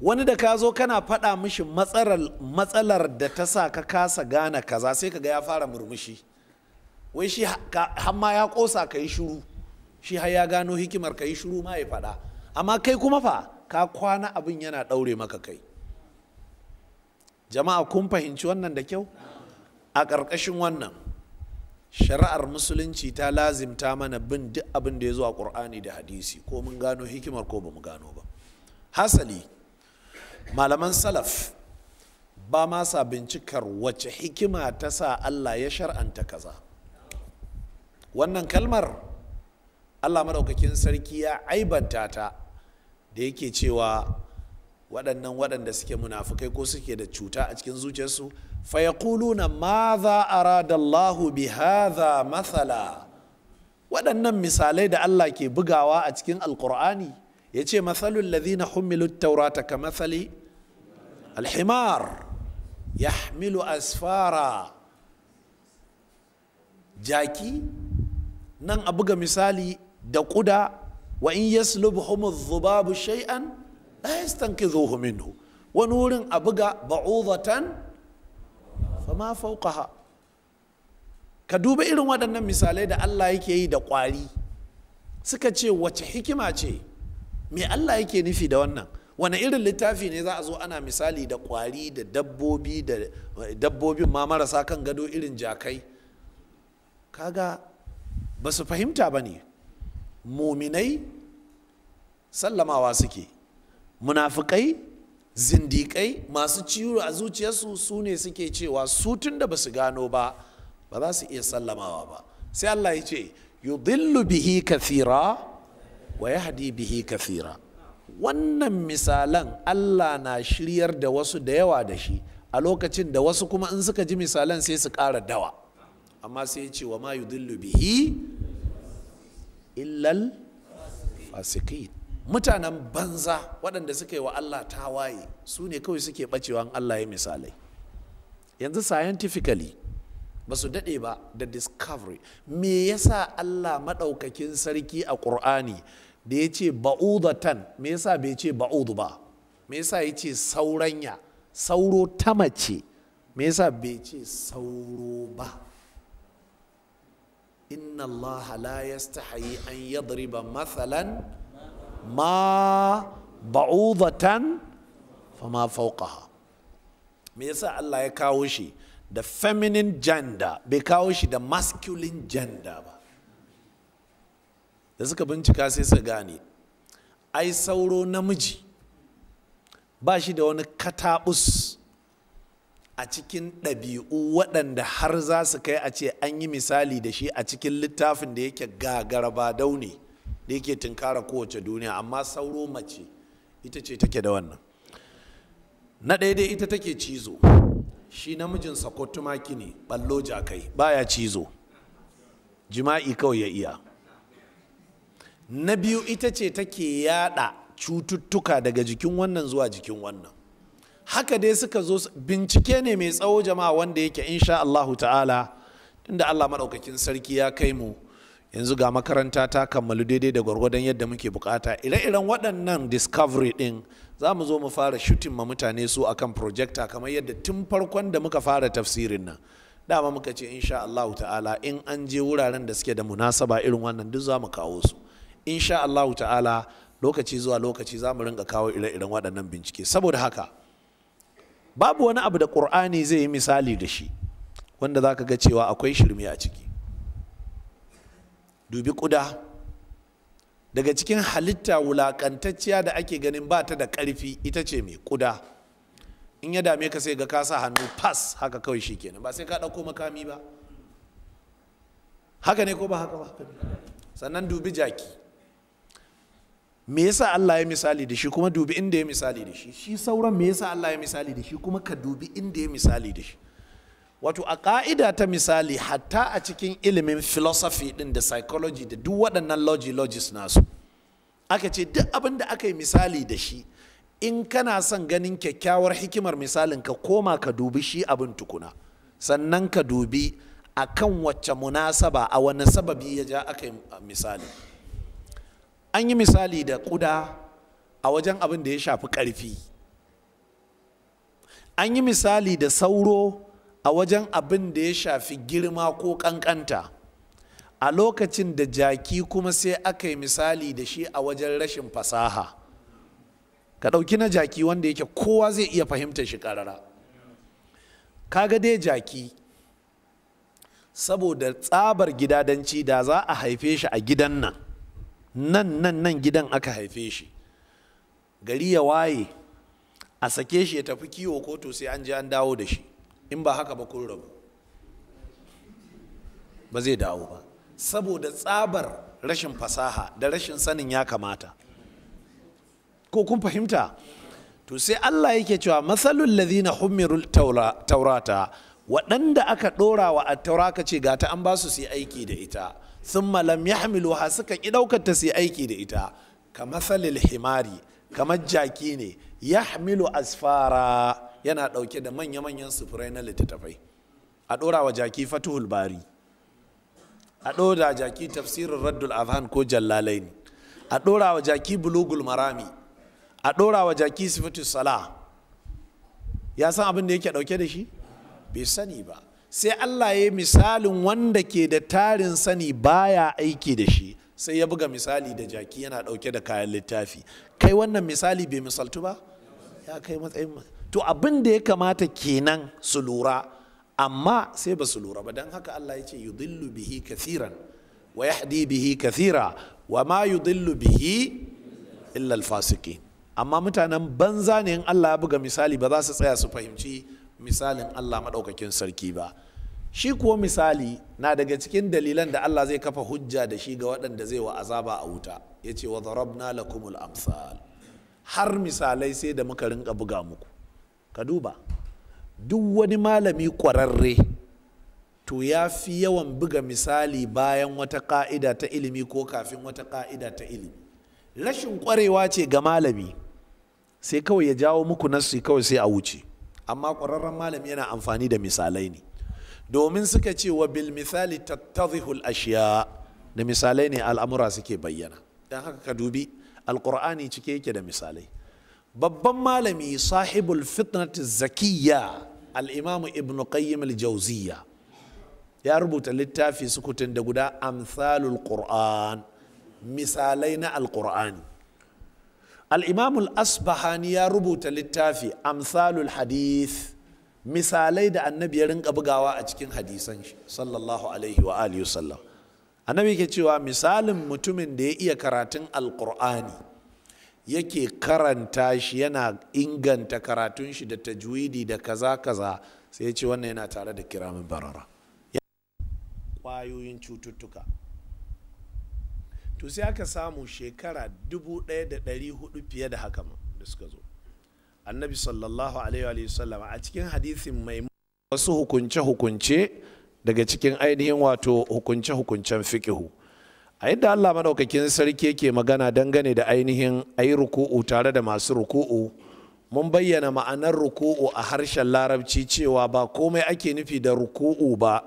wani da ka zo kana faɗa mishi matsalar da ta sa ka kasa gane kaza sai ka ga ya fara murmushi wai shi hamma ya ƙosa ka yi shuru shi har ya gano hikimar ka yi shuru ma ya faɗa amma kai kuma fa ka kwana abin yana ɗaure maka kai jama'a kun fahimci wannan da kyau a ƙarƙashin wannan shari'ar musulunci ta lazimta mana bin duk abin da ya zo a ƙur'ani da hadisi ko mun gano hikimar ko ba mu gano ba hasali malaman salaf ba ma sa bincikar wace hikima ta sa Allah ya shar'anta kaza wannan kalmar Allah maɗaukakin sarki ya aibanta ta da yake cewa waɗannan waɗanda suke munafukai ko suke da cuta a cikin zuciyarsu Fa ya fayakuluna ma za a aradallahu bi haza mathala waɗannan misalai da Allah ke bugawa a cikin alkur'ani ya ce matsalul lazina hummilu taurata ka matsali alhimar ya hamilu asfara jaki nan a buga misali da kuda wa in yaslubuhum dhubabu shay'an la yastanqidhuhu minhu wani wurin a buga ba'udatan fama fawqaha ka duba irin waɗannan misalai da Allah yake yi da ƙwari suka ce wace hikima ce me Allah yake nufi da wannan wani irin littafi ne za a zo ana misali da kwari da dabbobi da eh, dabbobin ma marasa kan gado irin jakai kaga ba su fahimta ba ne muminai sallamawa suke munafukai zindikai masu ciwo a zuciyarsu su ne suke cewa su tun da ba su gano ba ba za su iya sallamawa ba sai Allah ya ce yudhillu bihi kathira wa hadi bihi kafira. wannan misalan Allah na shiryar da wasu da yawa da shi a lokacin da wasu kuma in suka ji misalan sai su kara dawa amma sai ya ce wa ma yudullu bihi illal fasikin mutanen banza waɗanda suka yi wa Allah tawaye su ne kawai suke ɓacewa bacewa Allah ya misalai yanzu scientifically ba su daɗe ba da discovery me yasa Allah maɗaukakin sarki a ƙur'ani da ya ce ba'udatan me yasa bai ce ba'udu ba me yasa ya ce sauranya sauro ta mace me yasa bai ce sauro ba inna allaha la yastahi an yadriba mathalan ma ba'udatan fama fauqaha me yasa Allah ya kawo shi da feminine gender bai kawo shi da masculine gender ba da suka bincika sai su gane ai sauro namiji ba shi da wani kataɓus a cikin ɗabi'u waɗanda har za su kai a ce an yi misali da shi a cikin littafin da yake gagaraba daune da yake tunkara kowace duniya amma sauro mace ita ce take da wannan na ɗaya dai ita take cizo shi namijin ko tumaki ne ballo jakai baya cizo jima'i kawai ya iya na biyu ita ce take yada cututtuka daga jikin wannan zuwa jikin wannan haka dai suka zo bincike ne mai tsawo jama'a wanda yake insha Allahu ta'ala tunda Allah maɗaukakin sarki ya kai mu yanzu ga makaranta ta kammalu daidai da gwargwadon yadda muke bukata ire-iren waɗannan discovery din za mu zo mu fara shutin ma mutane su akan projecta kamar yadda tun farkon da muka fara tafsirin nan dama muka ce insha Allahu ta'ala in an je wuraren da suke da munasaba irin wannan duk za mu kawo su insha Allahu ta'ala lokaci zuwa lokaci za mu rinka kawo ire-iren waɗannan bincike saboda haka babu wani abu da ƙur'ani zai yi misali da shi wanda za ka ga cewa akwai shirme a ciki dubi kuda daga cikin halitta wulaƙantacciya da ake ganin ba ta da ƙarfi ita ce mai ƙuda in ya dame ka sai ga ka sa hannu fas haka kawai shi kenan ba sai ka ɗauko makami ba haka ne ko ba haka ba sannan dubi jaki me yasa Allah ya misali da shi kuma dubi inda ya misali da shi shi sauran me yasa Allah ya misali da shi kuma ka dubi inda ya misali da shi wato a ka'ida ta misali hatta a cikin ilimin philosophy din da psychology da duk waɗannan logi logis nasu aka ce duk abin da aka yi misali da shi in kana son ganin kyakkyawar hikimar misalin ka koma ka dubi shi abin tukuna sannan ka dubi a kan wacce munasaba a wani sababi ya ja aka yi misali an yi misali da ƙuda a wajen abin da ya shafi ƙarfi an yi misali da sauro a wajen abin da ya shafi girma ko ƙanƙanta a lokacin da jaki kuma sai aka yi misali da shi a wajen rashin fasaha ka ɗauki na jaki wanda yake kowa zai iya fahimta shi ƙarara kaga dai jaki saboda tsabar gidadanci da za a haife shi a gidan nan nan nan nan gidan aka haife shi gari ya waye a sake shi ya tafi kiwo ko to sai an je an dawo da shi in ba haka ba kun rabu ba zai dawo ba saboda tsabar rashin fasaha da rashin sanin ya kamata ko kun fahimta to sai Allah yake cewa masalul lazina humirul taurata waɗanda aka ɗora wa taura ka ce gata an ba su su yi aiki da ita sun malam yahmiluha suka ki ɗaukar ta su aiki da ita ka salil himari kamar jaki ne yahmilu asfara yana ɗauke da manya-manyan sufurai na littattafai a ɗora wa jaki fatuhul bari a ɗora jaki tafsirin raddul azhan ko ne a ɗora wa jaki bulugul marami a ɗora wa jaki sifatu sala ya san abin da yake ɗauke da shi bai sani ba sai Allah ya yi misalin wanda ke da tarin sani baya aiki da shi sai ya buga misali da jaki yana ɗauke da kayan littafi kai wannan misali bai misaltu ba ya kai matsayin to abin da ya kamata kenan su lura amma sai ba su lura ba don haka Allah ya ce yudillu bihi kathiran wa yahdi bihi kathira wa ma yudillu bihi illa alfasiqin amma mutanen banza ne in Allah ya buga misali ba za su tsaya su fahimci misalin Allah maɗaukakin sarki ba shi kuwa misali na daga cikin dalilan da Allah zai kafa hujja da shi ga waɗanda zai wa azaba a wuta ya ce wa zarabna lakumul amsal har misalai sai da muka rinka buga muku ka duba duk wani malami ƙwararre to ya fi yawan buga misali bayan wata ka'ida ta ilimi ko kafin wata ka'ida ta ilimi rashin ƙwarewa ce ga malami sai kawai ya jawo muku nasu kawai sai a wuce amma ƙwararren malami yana amfani da misalai ne domin suka ce wa bil misali tattazihul ashiya da misalai ne al'amura suke bayyana don haka ka dubi alƙur'ani cike yake da misalai babban malami sahibul fitnati Zakiya, al'imamu ibn qayyim al ya rubuta littafi sukutun da guda amsalul qur'an misalai na alƙur'ani al'imamul asbahani ya rubuta littafi amsalul hadith misalai da annabi ya rinka bugawa a cikin hadisan shi sallallahu alaihi wa alihi wasallam annabi ke cewa misalin mutumin da ya iya karatun alkur'ani yake karanta shi yana inganta karatun shi da tajwidi da kaza kaza sai ya ce wannan yana tare da kiramin barara ƙwayoyin cututtuka to sai aka samu shekara 1400 fiye da haka da suka zo annabi sallallahu alaihi wa sallam a cikin hadisin mai wasu hukunce-hukunce daga cikin ainihin wato hukunce-hukuncen fikihu a yadda allah maɗaukakin sarki yake magana dangane da ainihin ayi ruku'u tare da masu ruku'u mun bayyana ma'anar ruku'u a harshen larabci cewa ba komai ake nufi da ruku'u ba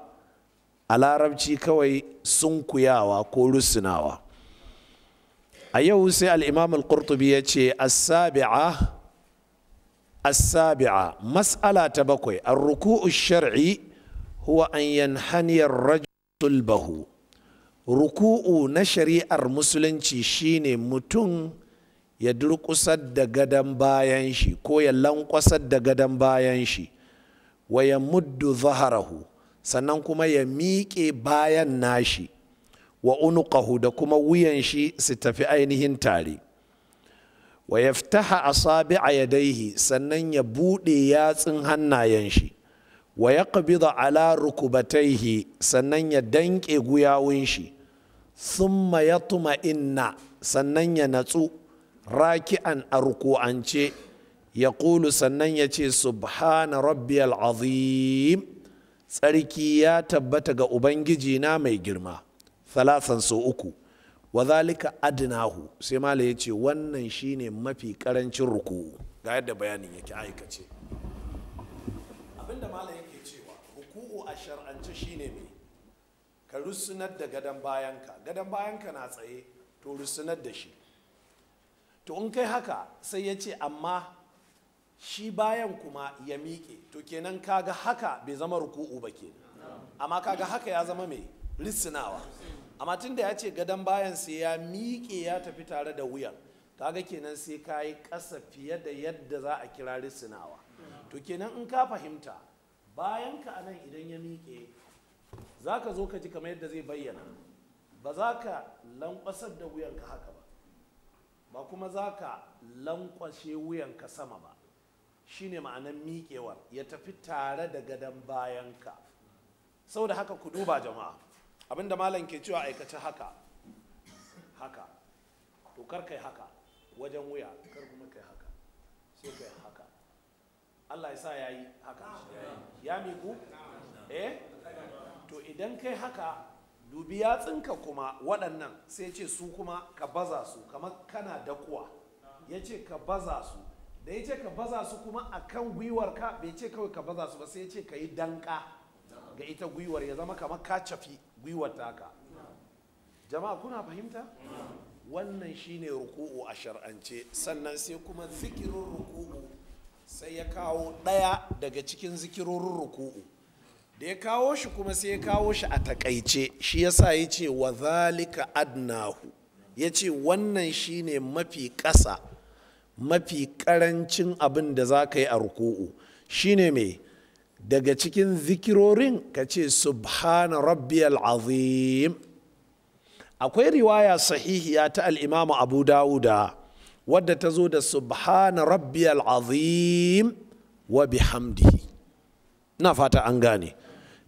a larabci kawai sunkuyawa ko rusunawa a yau sai al'imam al-qurtubi ya ce as-sabi'a mas'ala ta bakwai ar-ruku'u shar'i huwa an yanhani ar-rajul bahu ruku'u na shari'ar musulunci shine mutum ya durƙusar da gadon bayan shi ko ya lankwasar da gadon bayan shi wa ya muddu zaharahu sannan kuma ya miƙe bayan nashi wa unuqahu da kuma wuyan shi su tafi ainihin tare wa yaftaha a yadaihi sannan ya buɗe yatsun hannayen shi wa ya qabida ala rukubataihi sannan ya danƙe guyawun shi thumma tuma inna sannan ya natsu raki'an a ruku'ance ya ƙulu sannan ya ce subhana rabbi al'azim tsarki ya tabbata ga ubangiji na mai girma thalathan so uku wa zalika adnahu sai mala ya ce wannan shine mafi karancin ruku'u ga yadda bayanin yake aikace abinda mala yake cewa ruku'u a shar'ance shine mai ka rusunar da gadon bayanka gadon bayanka na tsaye to rusunar da shi to in kai haka sai ya ce amma shi bayan kuma ya miƙe to kenan kaga haka bai zama ruku'u ba kenan amma kaga haka ya zama mai risinawa amma tun da ya ce gadon bayan sai ya miƙe ya tafi tare da wuyan kaga kenan sai ka yi ƙasa fiye da yadda za a kira risinawa to kenan in ka fahimta bayan ka anan idan ya miƙe za ka zo ka ji kamar yadda zai bayyana ba za ka lankwasar da wuyanka haka ba ba kuma za ka lankwashe wuyanka sama ba shine ma'anan miƙewar ya tafi tare da gadon bayanka sau da haka ku duba jama'a abinda malam ke cewa aikace haka haka to kar kai haka wajen wuya kar kuma kai haka sai kai haka Allah ya sa ya yi haka ya miku eh to idan kai haka dubi yatsinka kuma waɗannan sai ce su kuma ka baza su kamar kana dakuwa ya ce ka baza su da ya ce ka baza su kuma a kan gwiwarka bai ce kawai ka baza su ba sai ya ce ka yi danka ga ita gwiwar ya zama kamar ka cafi gwiwar taka jama'a kuna fahimta wannan shine ruku'u a shar'ance sannan sai kuma zikirin ruku'u sai ya kawo ɗaya daga cikin zikirorin ruku'u da ya kawo shi kuma sai ya kawo shi a takaice shi ya sa ya ce wa zalika adnahu ya ce wannan shine mafi ƙasa mafi ƙarancin abin da za ka yi a ruku'u shine mai daga cikin zikirorin ka ce subhana rabbiyal azim akwai riwaya sahihiya ta al'imamu abu dawuda wadda ta zo da subhana rabbiyal azim wa bihamdihi na fata an gane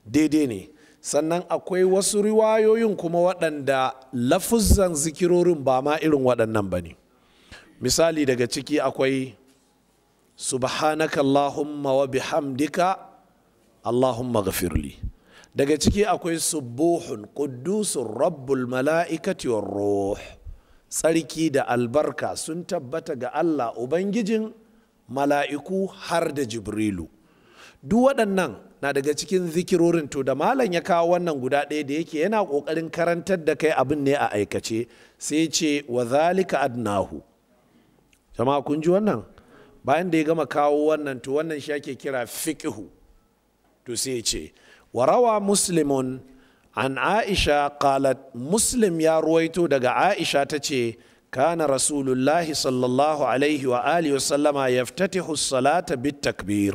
daidai ne sannan akwai wasu riwayoyin kuma waɗanda lafuzan zikirorin ba ma irin waɗannan ba ne misali daga ciki akwai subhanakallahumma wa bihamdika Allahumma ghafirli daga ciki akwai subuhun ƙuddusun rabbul mala'ikati wa ruh tsarki da albarka sun tabbata ga Allah ubangijin mala'iku har da jibrilu duk waɗannan na daga cikin zikirorin to da malam ya kawo wannan guda ɗaya da yake yana ƙoƙarin karantar da kai abin ne a aikace sai ce wa zalika adnahu jama'a kun ji wannan bayan da ya gama kawo wannan to wannan shi ake kira fiqhu to sai ce warawa muslimun an aisha qalat muslim ya ruwaito daga aisha ta ce kana rasulullahi sallallahu alaihi wa alihi wasallama yaftatihu salata bit takbir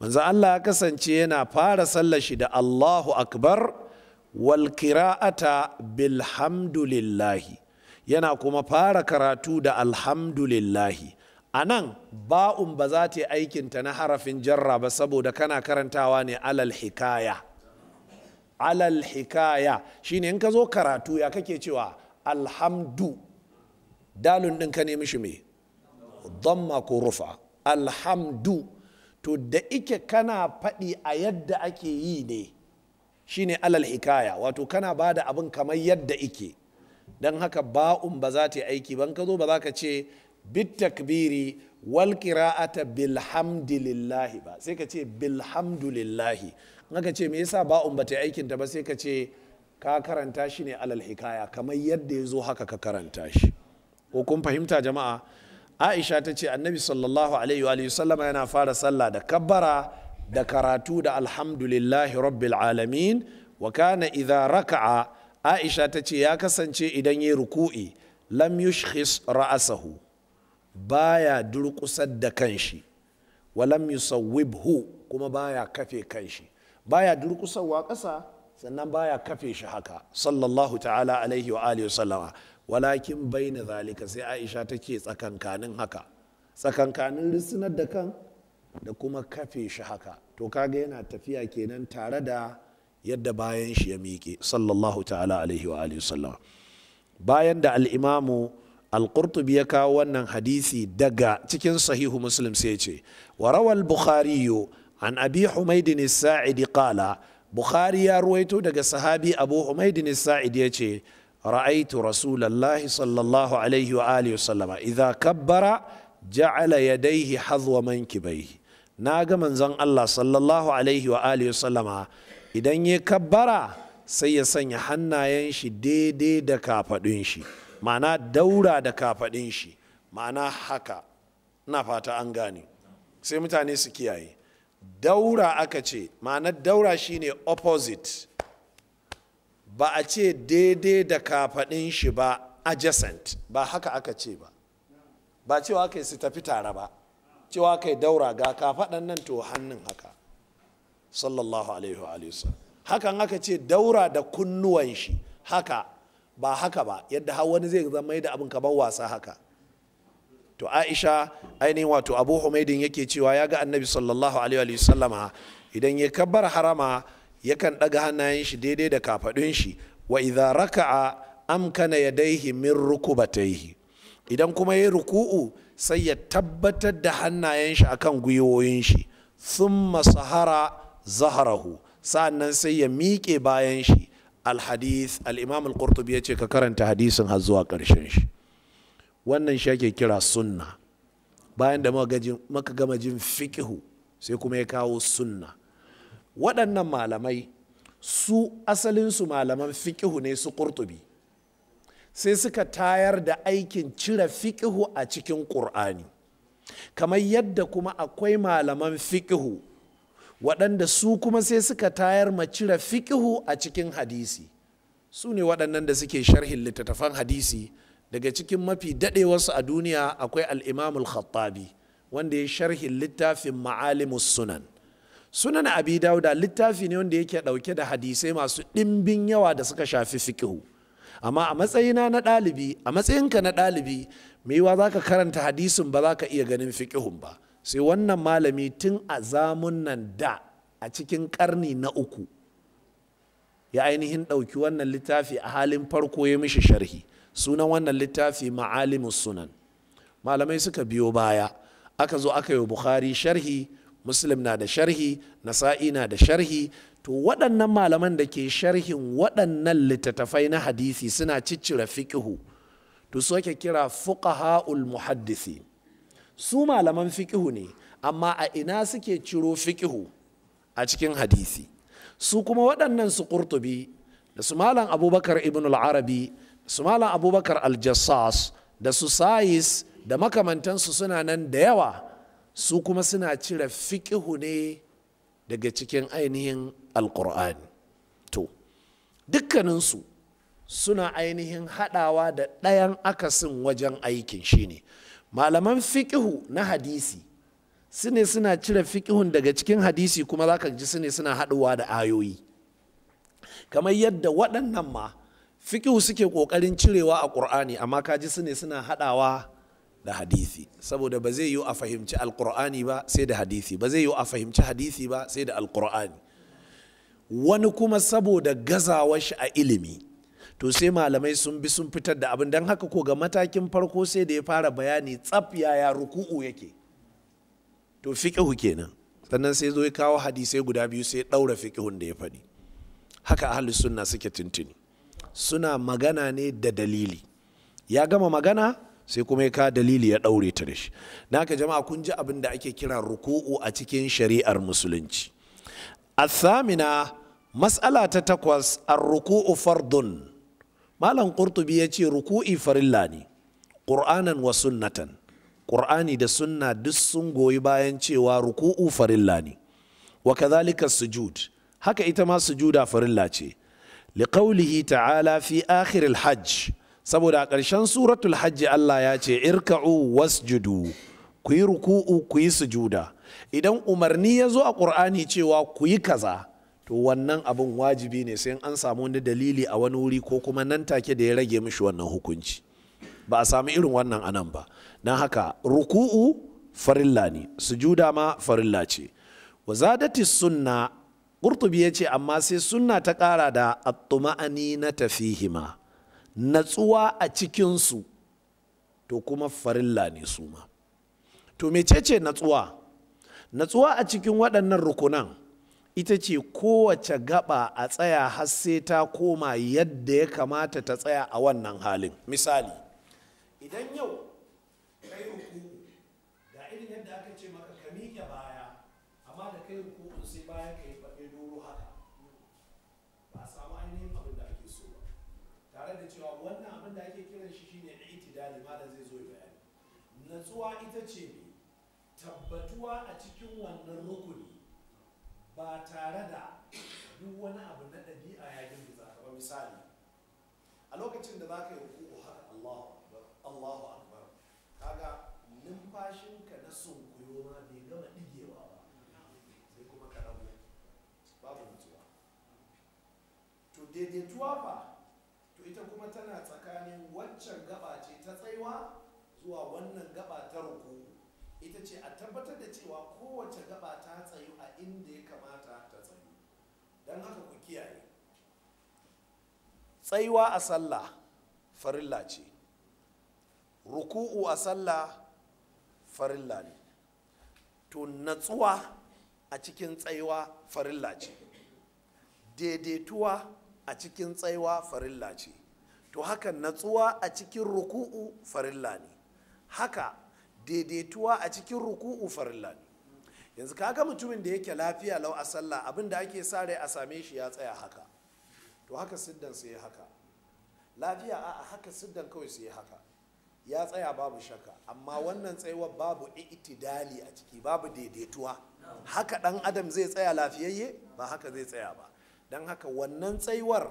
manzo Allah ya kasance yana fara sallar shi da Allahu akbar wal qira'ata bilhamdulillahi yana kuma fara karatu da alhamdulillahi a nan ba'un ba za ta yi aikinta na harafin jarra ba saboda kana karantawa ne alal hikaya alal hikaya shine in ka zo karatu ya kake cewa alhamdu dalun ɗin ka nemi shi me damma ko rufa alhamdu to da ike kana faɗi a yadda ake yi ne shine alal hikaya wato kana ba da abin kamar yadda ike don haka ba'un ba za ta yi aiki ban ka zo ba za ka ce bitakbiri wal qira'ata bilhamdulillahi ba sai ka ce bilhamdulillahi naka ce me yasa ba um bata aikin ta ba sai ka ce ka karanta shi ne alal hikaya kamar yadda ya zo haka ka karanta shi ko kun fahimta jama'a aisha ta ce annabi sallallahu alaihi wa sallama yana fara sallah da kabbara da karatu da alhamdulillahi rabbil alamin wa kana idza raka'a aisha ta ce ya kasance idan ya ruku'i lam yushkhis ra'asahu baya durƙusar da kanshi walam yusawwibhu kuma baya kafe kanshi baya durƙusarwa ƙasa sannan baya kafe shi haka sallallahu ta'ala alaihi wa alihi wasallama walakin baina zalika sai aisha take tsakankanin haka tsakankanin risinar da kan da kuma kafe shi haka to kaga yana tafiya kenan tare da yadda bayan shi ya miƙe sallallahu ta'ala alaihi wa alihi wasallama bayan da al'imamu al ya kawo wannan hadisi daga cikin sahihu muslim sai ce wa rawal bukhari an abi humaydin saidi qala bukhari ya ruwaito daga sahabi abu humaydin as-sa'idi yace ra'aitu rasulullahi sallallahu alaihi wa alihi wasallama idza kabbara ja'ala yadayhi hadwa bai na ga manzon Allah sallallahu alaihi wa alihi wasallama idan ya kabbara sai ya sanya hannayen shi daidai da kafadun shi ma'ana daura da kafaɗin shi ma'ana haka na fata an gane sai mutane su kiyaye daura aka ce ma'ana daura shi ne opposite ba a ce daidai da kafaɗin shi ba adjacent ba haka aka ce ba ba cewa kai su tafi tare ba cewa kai daura ga kafaɗan nan to hannun haka sallallahu alaihi wa hakan aka ce daura da kunnuwan shi haka ba haka ba yadda har wani zai zama da abin kamar wasa haka to aisha ainihin wato abu humaidin yake cewa ya ga annabi sallallahu alaihi wasallama idan ya kabbar harama yakan ɗaga hannayen shi daidai da kafaɗun shi wa idza raka'a amkana yadaihi min rukubataihi idan kuma ya ruku'u sai ya tabbatar da hannayen shi akan gwiwoyin shi thumma sahara zaharahu sa'annan sai ya miƙe bayan shi alhadis al'imam al-qurtubi ya ce ka karanta hadisin har zuwa ƙarshen shi wannan shi ake kira sunna bayan da maka gama jin fikihu sai kuma ya kawo sunna waɗannan malamai su asalinsu malaman fikihu ne su ƙurtubi sai suka tayar da aikin cire fikihu a cikin ƙur'ani kamar yadda kuma akwai malaman fikihu waɗanda su kuma sai suka tayar ma cire fiƙihu a cikin hadisi su ne waɗannan da suke sharhin littattafan hadisi daga cikin mafi daɗewarsu a duniya akwai al'imamul khattabi wanda ya sharhin littafin ma'alimus sunan sunan abi dauda littafi ne wanda yake ɗauke da hadisai masu ɗimbin yawa da suka shafi fiƙihu amma a matsayina na ɗalibi a matsayinka na ɗalibi me yiwa za ka karanta hadisin ba za ka iya ganin fiƙihun ba sai wannan malami tun a zamun nan da a cikin karni na uku ya ainihin ɗauki wannan littafi a halin farko ya mishi sharhi sunan wannan littafi ma'alimus sunan malamai suka biyo baya aka zo aka yi bukhari sharhi muslim na da sharhi nasa'i na da sharhi to waɗannan malaman da ke sharhin waɗannan littattafai na hadisi suna ciccire fiƙihu to so ke kira fuqaha'ul muhaddisi su malaman fiƙihu ne amma a ina suke ciro fiƙihu a cikin hadisi su kuma waɗannan su ƙurtubi da su malam abubakar ibn al-arabi su malam abubakar al da su sayis da makamantansu suna nan da yawa su kuma suna cire fiƙihu ne daga cikin ainihin alƙur'ani to dukkaninsu suna ainihin haɗawa da ɗayan akasin wajen aikin shine ne malaman fiƙihu na hadisi su ne suna cire fiƙihun daga cikin hadisi kuma za ka ji su ne suna haɗuwa da ayoyi kamar yadda waɗannan ma fiƙihu suke ƙoƙarin cirewa a ƙur'ani amma ka ji su ne suna haɗawa da hadisi saboda ba zai yiwu a fahimci alƙur'ani ba sai da hadisi ba zai yiwu a fahimci hadisi ba sai da alƙur'ani wani kuma saboda gazawar shi a ilimi to sai malamai sun bi sun fitar da abin don haka ko ga matakin farko sai da ya fara bayani tsaf yaya ruku'u yake to fiƙihu kenan sannan sai zo ya kawo hadisai guda biyu sai ɗaura fiƙihun da ya faɗi haka ahlus sunna suke tuntuni suna magana ne da dalili ya gama magana sai kuma ya ka dalili ya ɗaure ta da shi naka jama'a kun ji abin da ake kira ruku'u a cikin shari'ar musulunci a samina matsala ta takwas ar-ruku'u fardun malam qurtubi ya ce ruku'i farilla ne qur'anan wa sunnatan qur'ani da sunna duk sun goyi bayan cewa ruku'u farilla ne wa kadhalika sujud haka ita ma sujuda farilla ce liqaulihi ta'ala fi akhir Hajji. saboda a ƙarshen suratul hajji Allah ya ce irka'u wasjudu ku yi ruku'u ku yi sujuda idan umarni ya zo a ƙur'ani cewa ku yi kaza to wannan abin wajibi ne sai an samu wani dalili a wani wuri ko kuma nan take da ya rage mishi wannan hukunci ba a samu irin wannan anan ba don haka ruku'u farilla ne sujuda ma farilla ce wa zadati sunna qurtubi ya ce amma sai sunna ta ƙara da attuma'ani na tafihima natsuwa a cikinsu to kuma farilla ne su ma to mecece natsuwa natsuwa a cikin waɗannan rukunan ita ce kowace gaba a tsaya har sai ta koma yadda ya kamata ta tsaya a wannan halin misali idan yau kai ruku ga irin yadda aka ce maka ka miƙe baya amma da kai ruku sai baya ka yi baɗe doro haka ba a samu ainihin abin da ake so ba tare da cewa wannan abin da ake kiran shi shine itidali malam zai zo ya bayani natsuwa ita ce tabbatuwa a cikin wannan rukun ba tare da duk wani abu na ɗabi'a ya girgiza ka ba misali a lokacin da za ka yi hukuku haka Allahu Akbar Allahu Akbar kaga numfashinka na sunkuyo ma bai gama ɗigewa ba sai kuma ka rabu babu mutuwa to daidaituwa fa to ita kuma tana tsakanin waccan gaba ce ta tsaiwa zuwa wannan gaba ta rukuku ita ce a tabbatar da cewa kowace gaba ta tsayu a inda ya kamata ta tsayu don haka ku kiyaye tsayuwa a sallah farilla ce ruku'u a sallah farilla ne to natsuwa a cikin tsayuwa farilla ce daidaituwa a cikin tsayuwa farilla ce to haka natsuwa a cikin ruku'u farilla ne haka daidaituwa a cikin ruku'u farilla ne yanzu kaga mutumin da yake lafiya lau a sallah abinda ake sa rai a same shi ya tsaya haka to haka siddan sai haka lafiya a haka siddan kawai sai haka ya tsaya babu shaka. amma wannan tsayuwar babu itidali a ciki babu daidaituwa haka dan adam zai tsaya lafiyayye ba haka zai tsaya ba don haka wannan tsayuwar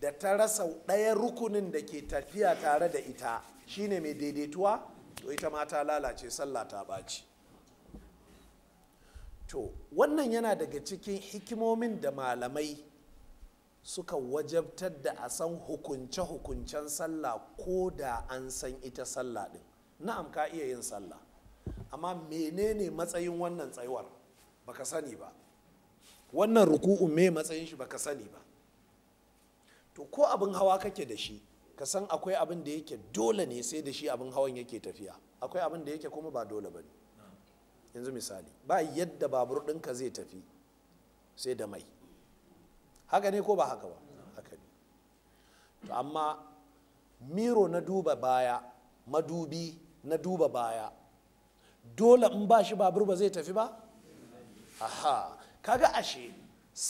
da ta rasa ɗaya rukunin da ke tafiya tare da ita shine mai daidaituwa to ita ma ta lalace sallah ta ɓaci to wannan yana daga cikin hikimomin da malamai suka wajabtar da a san hukunce-hukuncen sallah ko da an san ita sallah ɗin na'am ka iya yin sallah amma menene matsayin wannan tsayuwar baka sani ba wannan ruku'un me matsayin shi baka sani ba to ko abin hawa kake da shi ka san akwai abin da yake dole ne sai da shi abin hawan yake tafiya akwai abin da yake kuma ba dole ba ne yanzu misali ba yadda babur ɗinka zai tafi sai da mai haka ne ko ba haka ba haka ne to amma miro na duba baya madubi na duba baya dole in ba shi babur ba zai tafi ba aha kaga ashe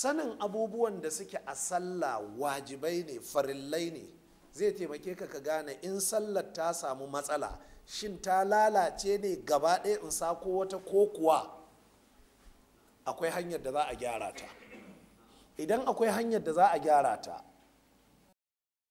sanin abubuwan da suke a sallah wajibai ne farillai ne zai taimake ka ka gane in sallar ta samu matsala shin ta lalace ne gaba ɗaya in sako wata ko kuwa akwai hanyar da za a gyara ta idan akwai hanyar da za a gyara ta